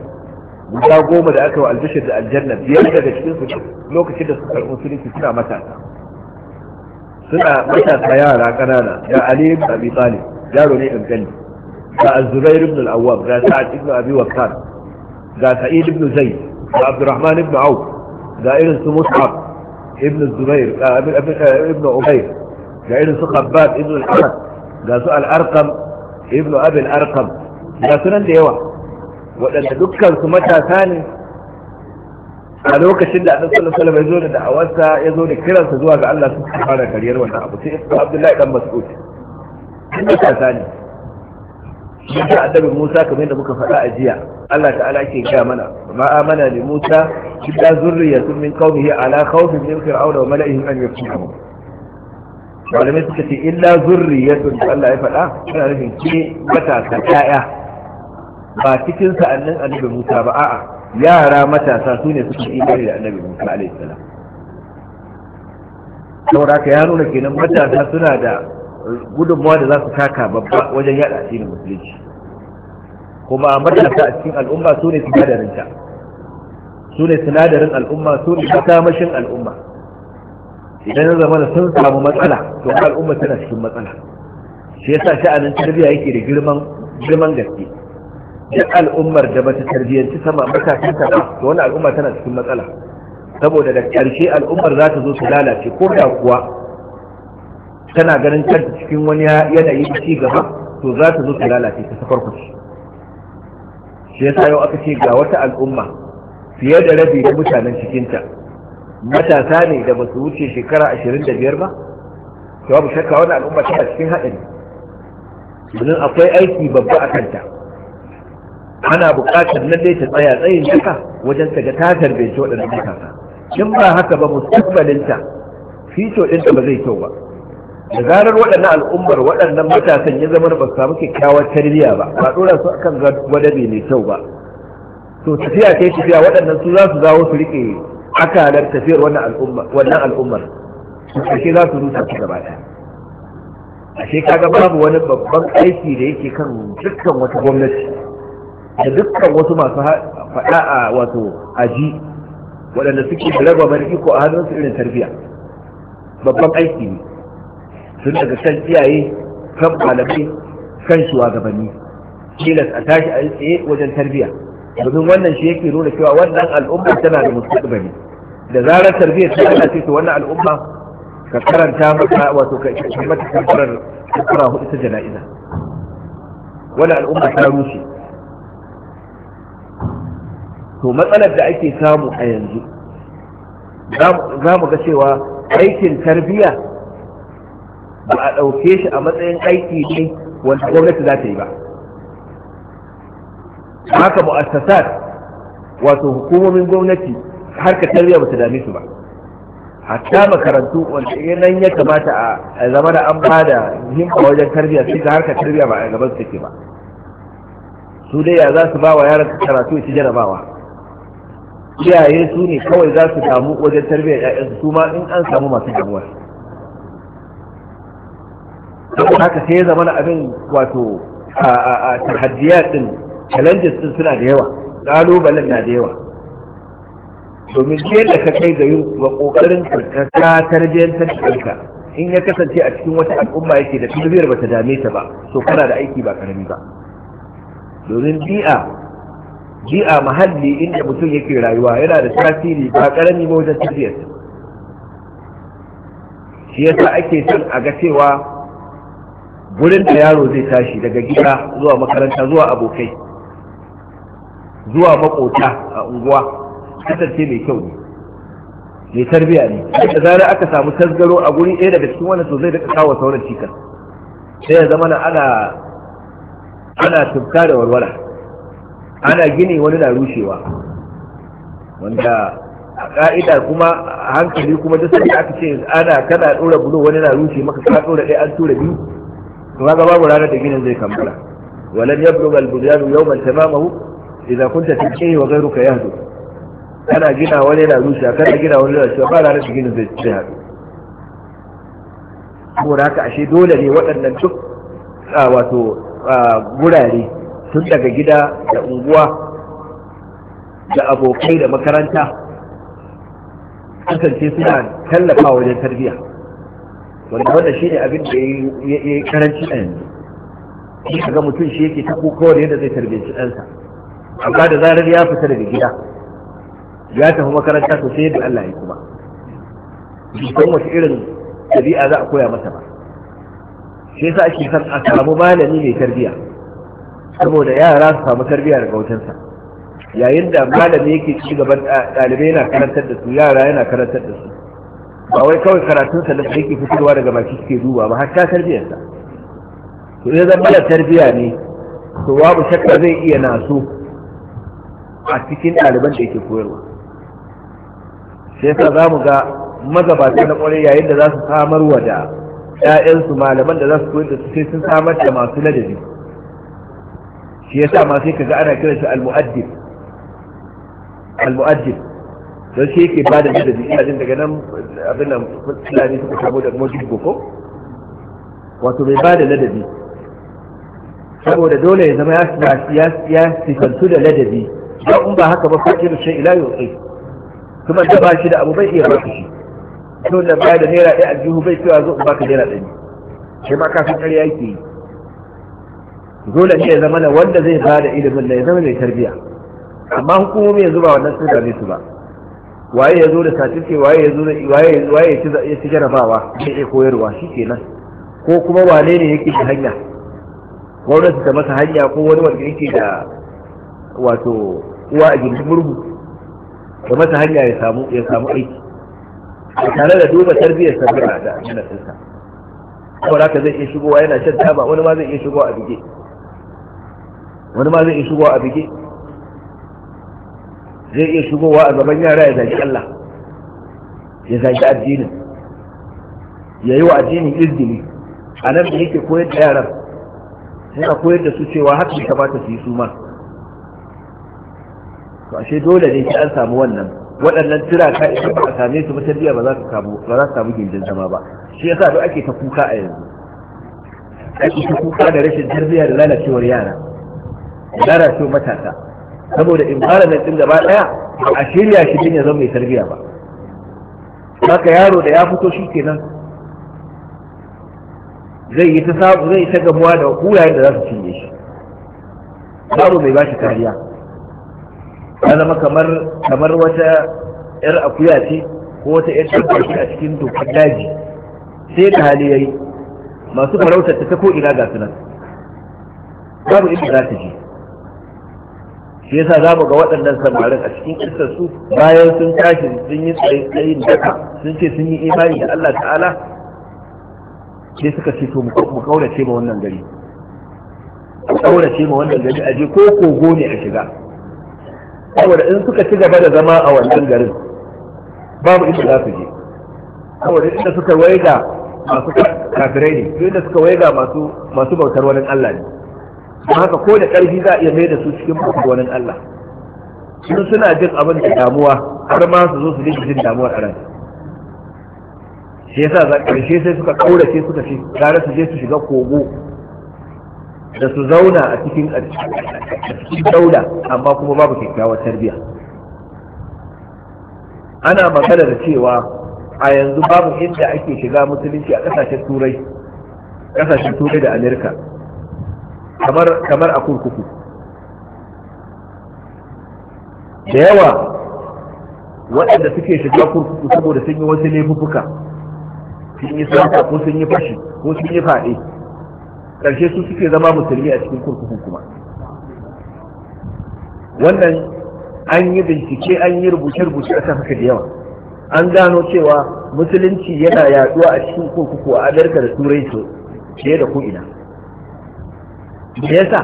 guda goma da aka yi wa albishir da aljanna biyar daga cikin su lokacin da suka karɓi musulunci suna matasa suna matasa yara ƙanana da ali ibn abi talib yaro ne in gangani Da az-zubair ibn al awwam Da sa'ad ibn abi waqqas ga sa'id ibn zayd Da abdurrahman ibn auf ga irin su mus'ab ibn zubair ibn ubair ga irin su khabbab ibn al-asad ga su al-arqam ibn abi al-arqam ga sunan da yawa waɗanda dukkan su matasa ne a lokacin da annabi sallallahu alaihi wasallam ya zo da da'awarsa ya zo da kiransa zuwa ga Allah sun fara kariyar wannan abu sai ibnu abdullahi dan mas'ud matasa ne shi da annabi Musa kamar da muka faɗa a jiya Allah ta'ala ke gaya mana ma amana li Musa illa zurriyatun min qaumihi ala khawfin min fir'auna wa mala'ihim an yaftinahum malamai suka ce illa zurriyatun da Allah ya faɗa suna nufin ke matasa ƴaƴa ba cikin sa'annin annabi Musa ba a'a yara matasa su ne suka imani da annabi Musa alaihi salam saboda haka ya nuna kenan matasa suna da gudunmawa da za su taka babba wajen yada addinin musulunci kuma matasa a cikin al'umma su ne sinadarin ta. su ne sinadarin al'umma su ne makamashin al'umma idan ya zama sun samu matsala to al'umma tana cikin matsala shi yasa sha'anin tarbiyya yake da girman girman gaske duk al'ummar da bata tarbiyyanci sama matasan ta to wannan al'umma tana cikin matsala saboda da ƙarshe al'ummar za ta zo su lalace ko da kuwa tana ganin kanta cikin wani yanayi ci gaba to za ta zo su lalace ta safarkuci shi yasa yau aka ce ga wata al'umma fiye da rabi da mutanen cikinta matasa ne da ba su wuce shekara ashirin da biyar ba to babu shakka wani al'umma tana cikin haɗari domin akwai aiki babba a kanta ana buƙatar na dai ta tsaya tsayin jaka wajen ta ga bai tarbiyyanci waɗannan matasa in ba haka ba mustaqbalinta fito ɗinta ba zai kyau ba da zarar waɗannan al'ummar waɗannan matasan ya zama ba su samu kyakkyawar tarbiyya ba ba dora su akan gwadabe mai kyau ba to tafiya kai tafiya waɗannan su za su dawo su riƙe akalar tafiyar wannan al'ummar ashe za su rusa su gaba ɗaya ashe kaga babu wani babban aiki da yake kan dukkan wata gwamnati da dukkan wasu masu faɗa a wato aji waɗanda suke da raba iko a hannunsu irin tarbiyya babban aiki ne tun daga kan iyaye kan malamai kan shugabanni tilas a tashi a tsaye wajen tarbiyya domin wannan shi yake nuna cewa wannan al'umma tana da mustaqbali da zarar tarbiyyar ta ana ce to wannan al'umma ka karanta mata wato ka yi mata kamfarar kamfara hudu ta jana'iza wannan al'umma ta rushe to matsalar da ake samu a yanzu za mu ga cewa aikin tarbiyya ba a ɗauke shi a matsayin aiki ne wanda gwamnati za ta yi ba haka mu'assasat wato hukumomin gwamnati har ka tarbiyya ba ta dame su ba hatta makarantu wanda nan ya kamata a zama da an ba da himma wajen tarbiyya sai ga harkar tarbiyya ba a gaban su take ba su dai ya za su ba wa yaran karatu ya ci jarabawa iyaye su ne kawai za su damu wajen tarbiyyar 'ya'yansu su ma in an samu masu damuwa saboda haka sai ya zama abin wato a tarhaddiyar din challenges din suna da yawa ƙalubalen na da yawa domin ke da ka kai ga yi wa ƙoƙarin ta tarbiyantar da kanka in ya kasance a cikin wata al'umma yake da tarbiyyar ba ta dame ta ba to kana da aiki ba karami ba domin bi'a bi'a mahalli inda mutum yake rayuwa yana da tasiri ba karami ba wajen tarbiyyarsa shi yasa ake son a ga cewa gurin da yaro zai tashi daga gida zuwa makaranta zuwa abokai zuwa makota a unguwa kasance mai kyau ne mai tarbiya ne da zarar aka samu tasgaro a guri ɗaya daga cikin wannan to zai daga kawo sauran cikar. sai ya zama ana ana tufka da warwara ana gini wani na rushewa wanda a ka'ida kuma hankali kuma duk sai aka ce ana kana ɗora bulo wani na rushe maka ka ɗora ɗaya an tura biyu to kaga babu ranar da ginin zai kammala walan yablugha al-bunyan yawman tamamahu idan kunta taqihi wa ghayruka yahdu kana gina wani da zuciya kana gina wani da zuciya ba ranar da ginin zai zai hadu saboda haka ashe dole ne waɗannan duk wato gurare tun daga gida da unguwa da abokai da makaranta kasance suna tallafa wajen tarbiyya wanda wanda shi ne abin da ya yi karanci a yanzu shi ga mutum shi yake ta kuka kokowar yadda zai tarbiyyanci ɗansa amma da zarar ya fita daga gida ya tafi makaranta sosai yadda Allah ya kuma san wasu irin ɗabi'a za a koya masa ba shi yasa ake san a samu malami mai tarbiyya saboda yara su samu tarbiyya daga wajensa yayin da malami yake ci gaban ɗalibai yana karantar da su yara yana karantar da su ba wai kawai karatun da yake fitarwa daga baki suke duba ba hatta tarbiyarsa to idan zan mala tarbiya ne to babu shakka zai iya naso a cikin ɗaliban da yake koyarwa sai yasa za mu ga magabata na ƙwarai yayin da za su wa da 'ya'yansu malaman da za su koyar da su sai sun samar da masu ladabi shi yasa ma sai ka ga ana kiran shi al-mu'addib al-mu'addib don shi yake ba da madadi ina jin daga nan abin nan fulani suka samu da mojibbo ko wato bai ba da ladabi saboda dole ya zama ya sifantu da ladabi don in ba haka ba fakiru shi ila yau tsaye kuma da ba shi da abu bai iya ba shi to da ba da naira ɗaya aljihu bai cewa zo in baka naira ɗari shi ma kafin ƙarya yake yi dole ne ya zama na wanda zai ba da ilimin na ya zama mai tarbiya amma hukumomi yanzu ba wannan sun dame su ba waye ya zo da satirce waye ya zo waye waye ya ci jarabawa zai iya koyarwa shi kenan ko kuma wane ne yake da hanya gwamnati ta masa hanya ko wani wanda yake da wato uwa a gindin murhu da masa hanya ya samu ya samu aiki a tare da duba tarbiyyar sabira da annabinsa saboda haka zai iya shigowa yana shan taba wani ma zai iya shigowa a bige wani ma zai iya shigowa a bige zai iya shigowa a gaban yara ya zaki Allah ya zaki addinin ya yi wa addinin izini a nan da yake koyar da yaran a koyar da su cewa haka ya kamata su yi su ma to ashe dole ne ki an samu wannan waɗannan ka ita ba a same su mutarbiya ba za su samu ba za su samu gindin zama ba shi yasa to ake ta kuka a yanzu ake ta kuka da rashin tarbiyya da lalacewar yara lalacewar matasa saboda in environment din gaba daya a shirya shi din ya zama mai tarbiya ba haka yaro da ya fito shi kenan zai yi ta sabu zai ta gamuwa da kurayen da za su cinye shi babu mai ba shi kariya ya zama kamar kamar wata yar akuya ce ko wata yar tabbaci a cikin dokar daji sai da hali yayi masu farautar ta ko ina ga sunan babu inda za ta je shi yasa za mu ga waɗannan samarin a cikin kisar su bayan sun tashi sun yi tsayin daka sun ce sun yi imani da Allah ta'ala sai suka ce to mu kaurace ma wannan gari a kaurace ma wannan gari a je ko kogo ne a shiga saboda in suka ci gaba da zama a wannan garin babu inda za su je saboda inda suka waiga masu kafirai ne inda suka waiga masu masu bautar wani Allah ne don haka ko da ƙarfi za a iya mai da su cikin gonan Allah sun suna jin abin da damuwa har ma su zo su dinga jin damuwa a ran shi yasa za ƙarshe sai suka ƙaurace suka ce gara su je su shiga kogo da su zauna a cikin daula amma kuma babu kyakkyawar tarbiyya ana magana da cewa a yanzu babu inda ake shiga musulunci a ƙasashen turai kasashen turai da amerika kamar kamar a kurkuku da yawa waɗanda suke shiga kurkuku saboda sun yi wasu laifuka sun yi sata ko sun yi fashi ko sun yi faɗi ƙarshe su suke zama musulmi a cikin kurkuku kuma wannan an yi bincike an yi rubuce-rubuce a kan haka da yawa an gano cewa musulunci yana yaduwa a cikin kurkuku a amurka da turai fiye da ko'ina me yasa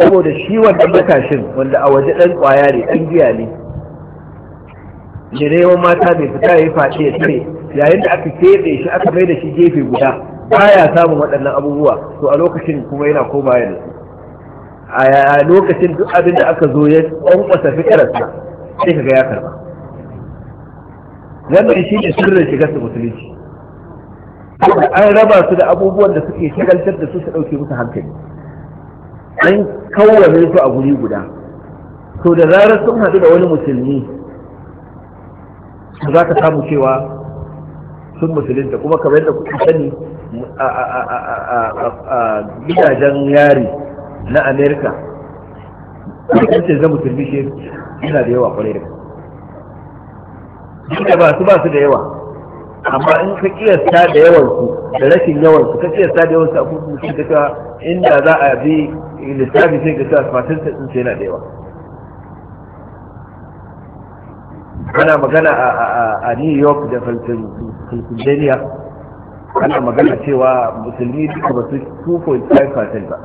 saboda shi wannan matashin wanda a waje ɗan ƙwaya ne ɗan giya ne da neman mata mai fita ya yi tare yayin da aka keɓe shi aka mai da shi gefe guda baya samun waɗannan abubuwa to a lokacin kuma yana koma ya nasu a lokacin duk abin da aka zo ya ƙwanƙwasa fikirarsa sai ka ga ya karɓa wannan shi ne sirrin shiga su musulunci an raba su da abubuwan da suke shagaltar da su su ɗauke musu hankali an kawwane su a guri guda to da zarar sun haɗu da wani musulmi za ka samu cewa sun musulunta kuma kamar yadda kuka sani a gidajen yari na amerika kusurce zan musulmi shi yana da yawa kwarai da duk da ba su ba su da yawa amma in ka kiyasta da yawan su da rashin yawan su ka kiyasta da yawan su a kuma ka inda za a bi lissafi sai ka ta fatin sa din sai na da yawa ana magana a New York da Pennsylvania ana magana cewa musulmi duka ba su 2.5% ba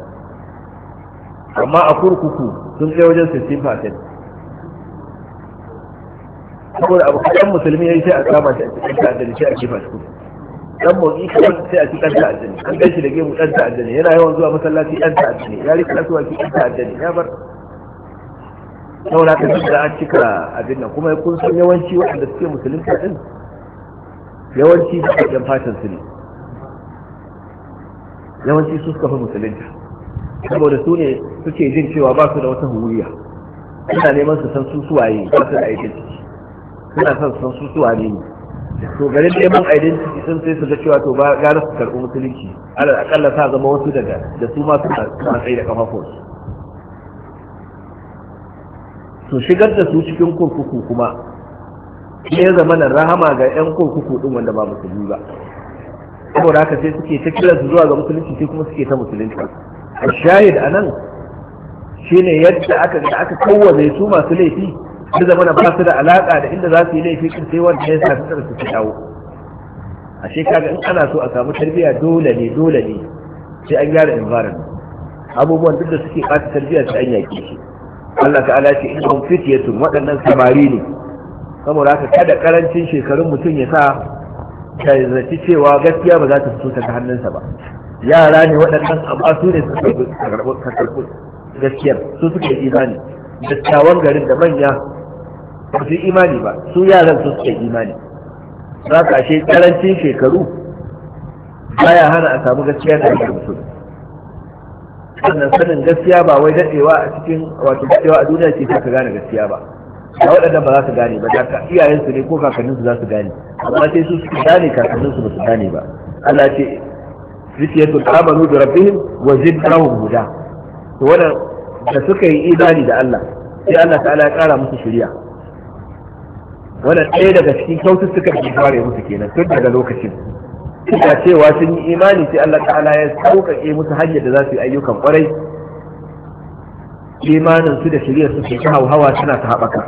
amma a kurkuku sun kai wajen 16% saboda abu ɗan musulmi ya yi sai a kama shi a cikin ta'addani sai a kifa shi Ɗan motsi kuma sai a ci ɗan ta'addani an gan shi da gemu ɗan ta'addani yana yawan zuwa masallaci ɗan ta'addani ya rika kasuwa ki ɗan ta'addani ya bar saboda na duk da an cika abin nan kuma kun san yawanci waɗanda suke musulunta ɗin yawanci ka ɗan fashin su ne yawanci su suka fi musulunta saboda su ne suke jin cewa ba su da wata huwiya ina neman su san su suwaye ba su da aikin ciki suna son san su su wane ne to garin neman identity sun sai su ga cewa to ba gara su karɓi musulunci ala akalla sa zama wasu daga da su ma suna tsaye da kafafunsu su shigar da su cikin kurkuku kuma ne zama na rahama ga 'yan kurkuku din wanda ba musulmi ba saboda haka sai suke ta kira zuwa ga musulunci sai kuma suke ta musulunci a shahid a nan shine yadda aka ga aka su masu laifi da zamana ba su da alaƙa da inda za su yi laifi kin sai wanda ya sa su su dawo A kaga in ana so a samu tarbiyya dole ne dole ne sai an gyara environment abubuwan duk da suke ƙasa tarbiyya sai an yaƙi shi Allah ta'ala ce in kun fitiyatun waɗannan samari ne saboda haka kada karancin shekarun mutum ya sa ta zaci cewa gaskiya ba za ta fito ta hannunsa ba yara ne waɗannan amma su ne suka karɓi gaskiyar su suke imani dattawan garin da manya ba su imani ba su yaran su suke imani za ka ashe karancin shekaru baya hana a samu gaskiya da ake mutum sannan sanin gaskiya ba wai dadewa a cikin wato dadewa a duniya ce ka gane gaskiya ba a waɗannan ba za su gane ba da iyayensu ne ko kakanninsu za su gane amma sai su suka gane kakanninsu ba su gane ba Allah ce fitiyatul amanu bi rabbihim wa zidnahum huda to wannan da suka yi imani da Allah sai Allah ta'ala ya kara musu shari'a wannan ɗaya daga cikin kyaututtukan yi fara musu kenan tun daga lokacin suka cewa sun yi imani sai Allah ta'ala ya sauƙaƙe musu hanyar da za su yi ayyukan ƙwarai imanin su da shari'a su sai ta hawa suna ta haɓaka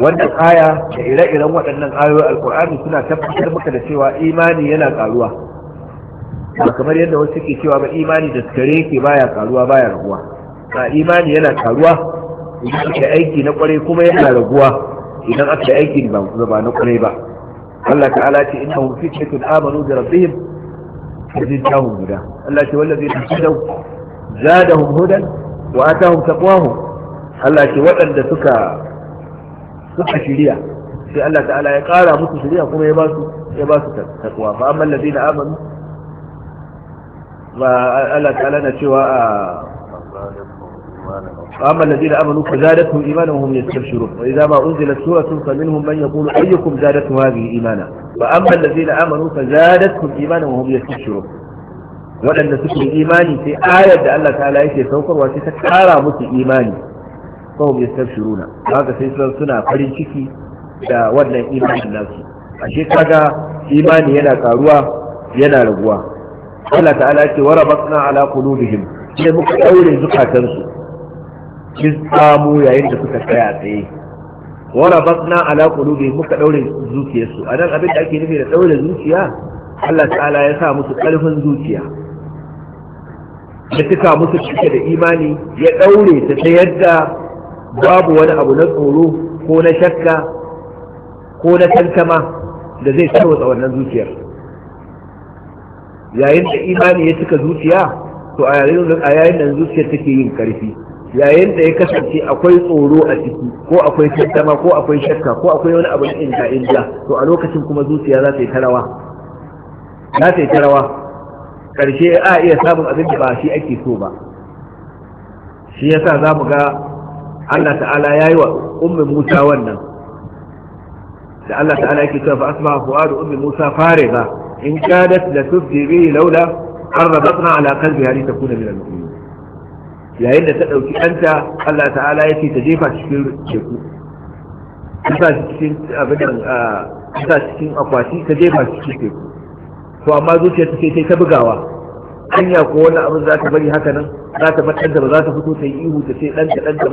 wannan aya da ire-iren waɗannan ayoyin Alƙur'ani suna tabbatar maka da cewa imani yana ƙaruwa ba kamar yadda wasu ke cewa ba imani da kare ke baya karuwa baya raguwa ba imani yana karuwa idan aka aiki na kwarai kuma yana raguwa idan aka aiki ba ba na kwarai ba Allah ta'ala ce innahum fitnatun amanu bi rabbihim fazidnahum huda Allah ce wallazina tadaw zadahum hudan wa atahum taqwahum Allah ce waɗanda suka suka shiriya sai Allah ta'ala ya ƙara musu shiriya kuma ya ba su ya ba su taqwa fa amma allazina amanu ba Allah ta'ala na cewa a ah, amma alladhina amanu fa zadatuhum imanan hum yastabshirun wa idza ma unzilat suratun faminhum man yaqulu ayyukum zadatu hadhihi imana fa amma alladhina amanu fa zadatuhum imanan hum yastabshirun waɗanda suke imani sai ayar da Allah ta'ala yake saukarwa sai ta kara musu imani fa hum yastabshiruna haka sai suna farin ciki da wannan imanin nasu ashe kaga imani yana karuwa yana raguwa Allah ta'ala ce wa rabatna ala qulubihim sai muka daure zukatan su kin samu yayin da suka tsaya tsaye wa rabatna ala qulubihim muka daure zuciyar su anan abin da ake nufi da daure zuciya Allah ta'ala ya sa musu karfin zuciya ya tuka musu cike da imani ya daure ta ta yadda babu wani abu na tsoro ko na shakka ko na tantama da zai tarwatsa wannan zuciyar yayin da imani ya cika zuciya to a yayin da zuciya take yin karfi yayin da ya kasance akwai tsoro a ciki ko akwai tattama ko akwai shakka ko akwai wani abin inda inda to a lokacin kuma zuciya za ta yi tarawa za ta yi tarawa karshe a iya samun abin da ba shi ake so ba shi yasa za mu ga Allah ta'ala ya yi wa ummin Musa wannan da Allah ta'ala yake cewa fa asma fu'adu ummi Musa ba in كانت لتبدي به لولا قربتنا على ala qalbiha li takuna min al yayin da ta dauki ɗanta Allah ta'ala ya ce ta jefa cikin teku ta sa cikin jefa cikin teku to amma zuciya ta sai ta bugawa hanya ko wani abin za ta bari haka za ta bar ɗanta ba za ta fito ta yi ihu ta ɗan ta ɗanta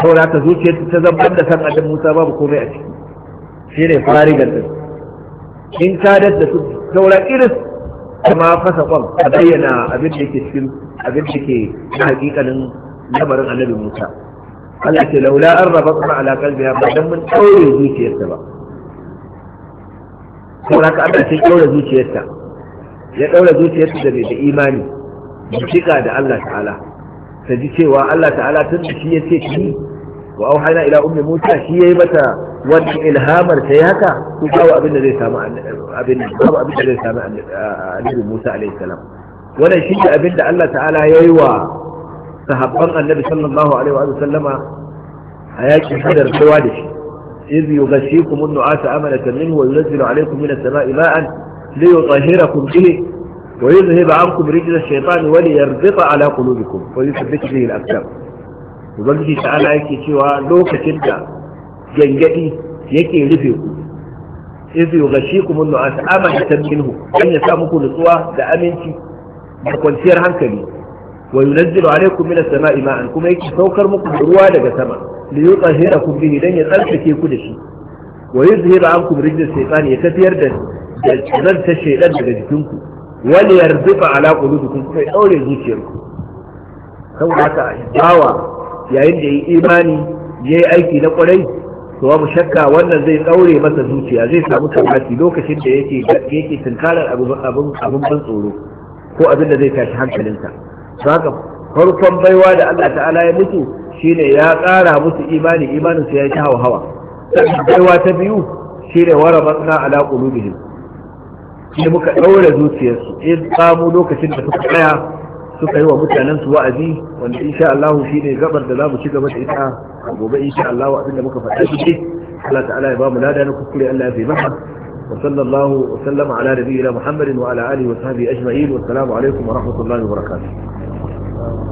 ba ta zuciya ta zama da san Musa babu komai a ciki shi ne in ka dadda su saura iris kuma fasa kwan a bayyana abin da yake cikin abin da ke na hakikanin lamarin annabi Musa Allah ce laula an raba kuma alaƙar kalbiya ba don mun ɗaure zuciyarta ba saboda ka Allah sai daure zuciyarta. ya daure zuciyarta da da imani da da Allah ta'ala ta ji cewa Allah ta'ala tun da shi ya ce ki wa auhayna ila ummi Musa shi ya yi mata wani ilhamar ta yi haka su babu abin da zai samu abin babu abin da zai samu annabi Musa alaihi salam wannan shi abin da Allah ta'ala ya yi wa sahabban annabi sallallahu alaihi wa sallama a yakin hadar kowa da shi إذ يغشيكم النعاس أمنة منه وينزل عليكم من السماء ماء ليطهركم به ويذهب عنكم رجل الشيطان وليربط على قلوبكم ويثبت به الأقدام تعالى يكي سوى لوك gangadi yake rufe ku idh yughashikum an-nu'as amanatan minhu an samu muku nutsuwa da aminci da kwanciyar hankali wa yunazzilu alaykum min as-sama'i ma'an kuma yake saukar muku ruwa daga sama li yutahhirakum bihi dan ya tsarkake ku da shi wa yuzhiba ankum rijlis shaytan ya tafiyar da da ta shaytan daga jikinku wal yarzuqa ala qulubikum kuma ya daure zuciyarku saboda haka bawa yayin da yi imani yayi aiki na kwarai to babu shakka wannan zai ɗaure masa zuciya zai samu tabbaci lokacin da yake yake tunkarar abin abin ban tsoro ko abin da zai tashi hankalinsa don haka farkon baiwa da Allah ta'ala ya mutu shine ya ƙara musu imani imanin su ya yi hawa hawa baiwa ta biyu shine warabatna ala qulubihim shi muka ɗaure zuciyarsu in samu lokacin da suka tsaya suka yi wa mutanen su wa'azi wanda insha Allah shi ne gabar da za mu ci gaba da ita gobe insha Allah abin da muka faɗa shi ne Allah ta'ala ya ba mu lada na kuskure Allah ya fi masa wa sallallahu wa sallama ala Muhammadin wa ala alihi wa sahbihi ajma'in wa assalamu alaikum wa rahmatullahi wa barakatuh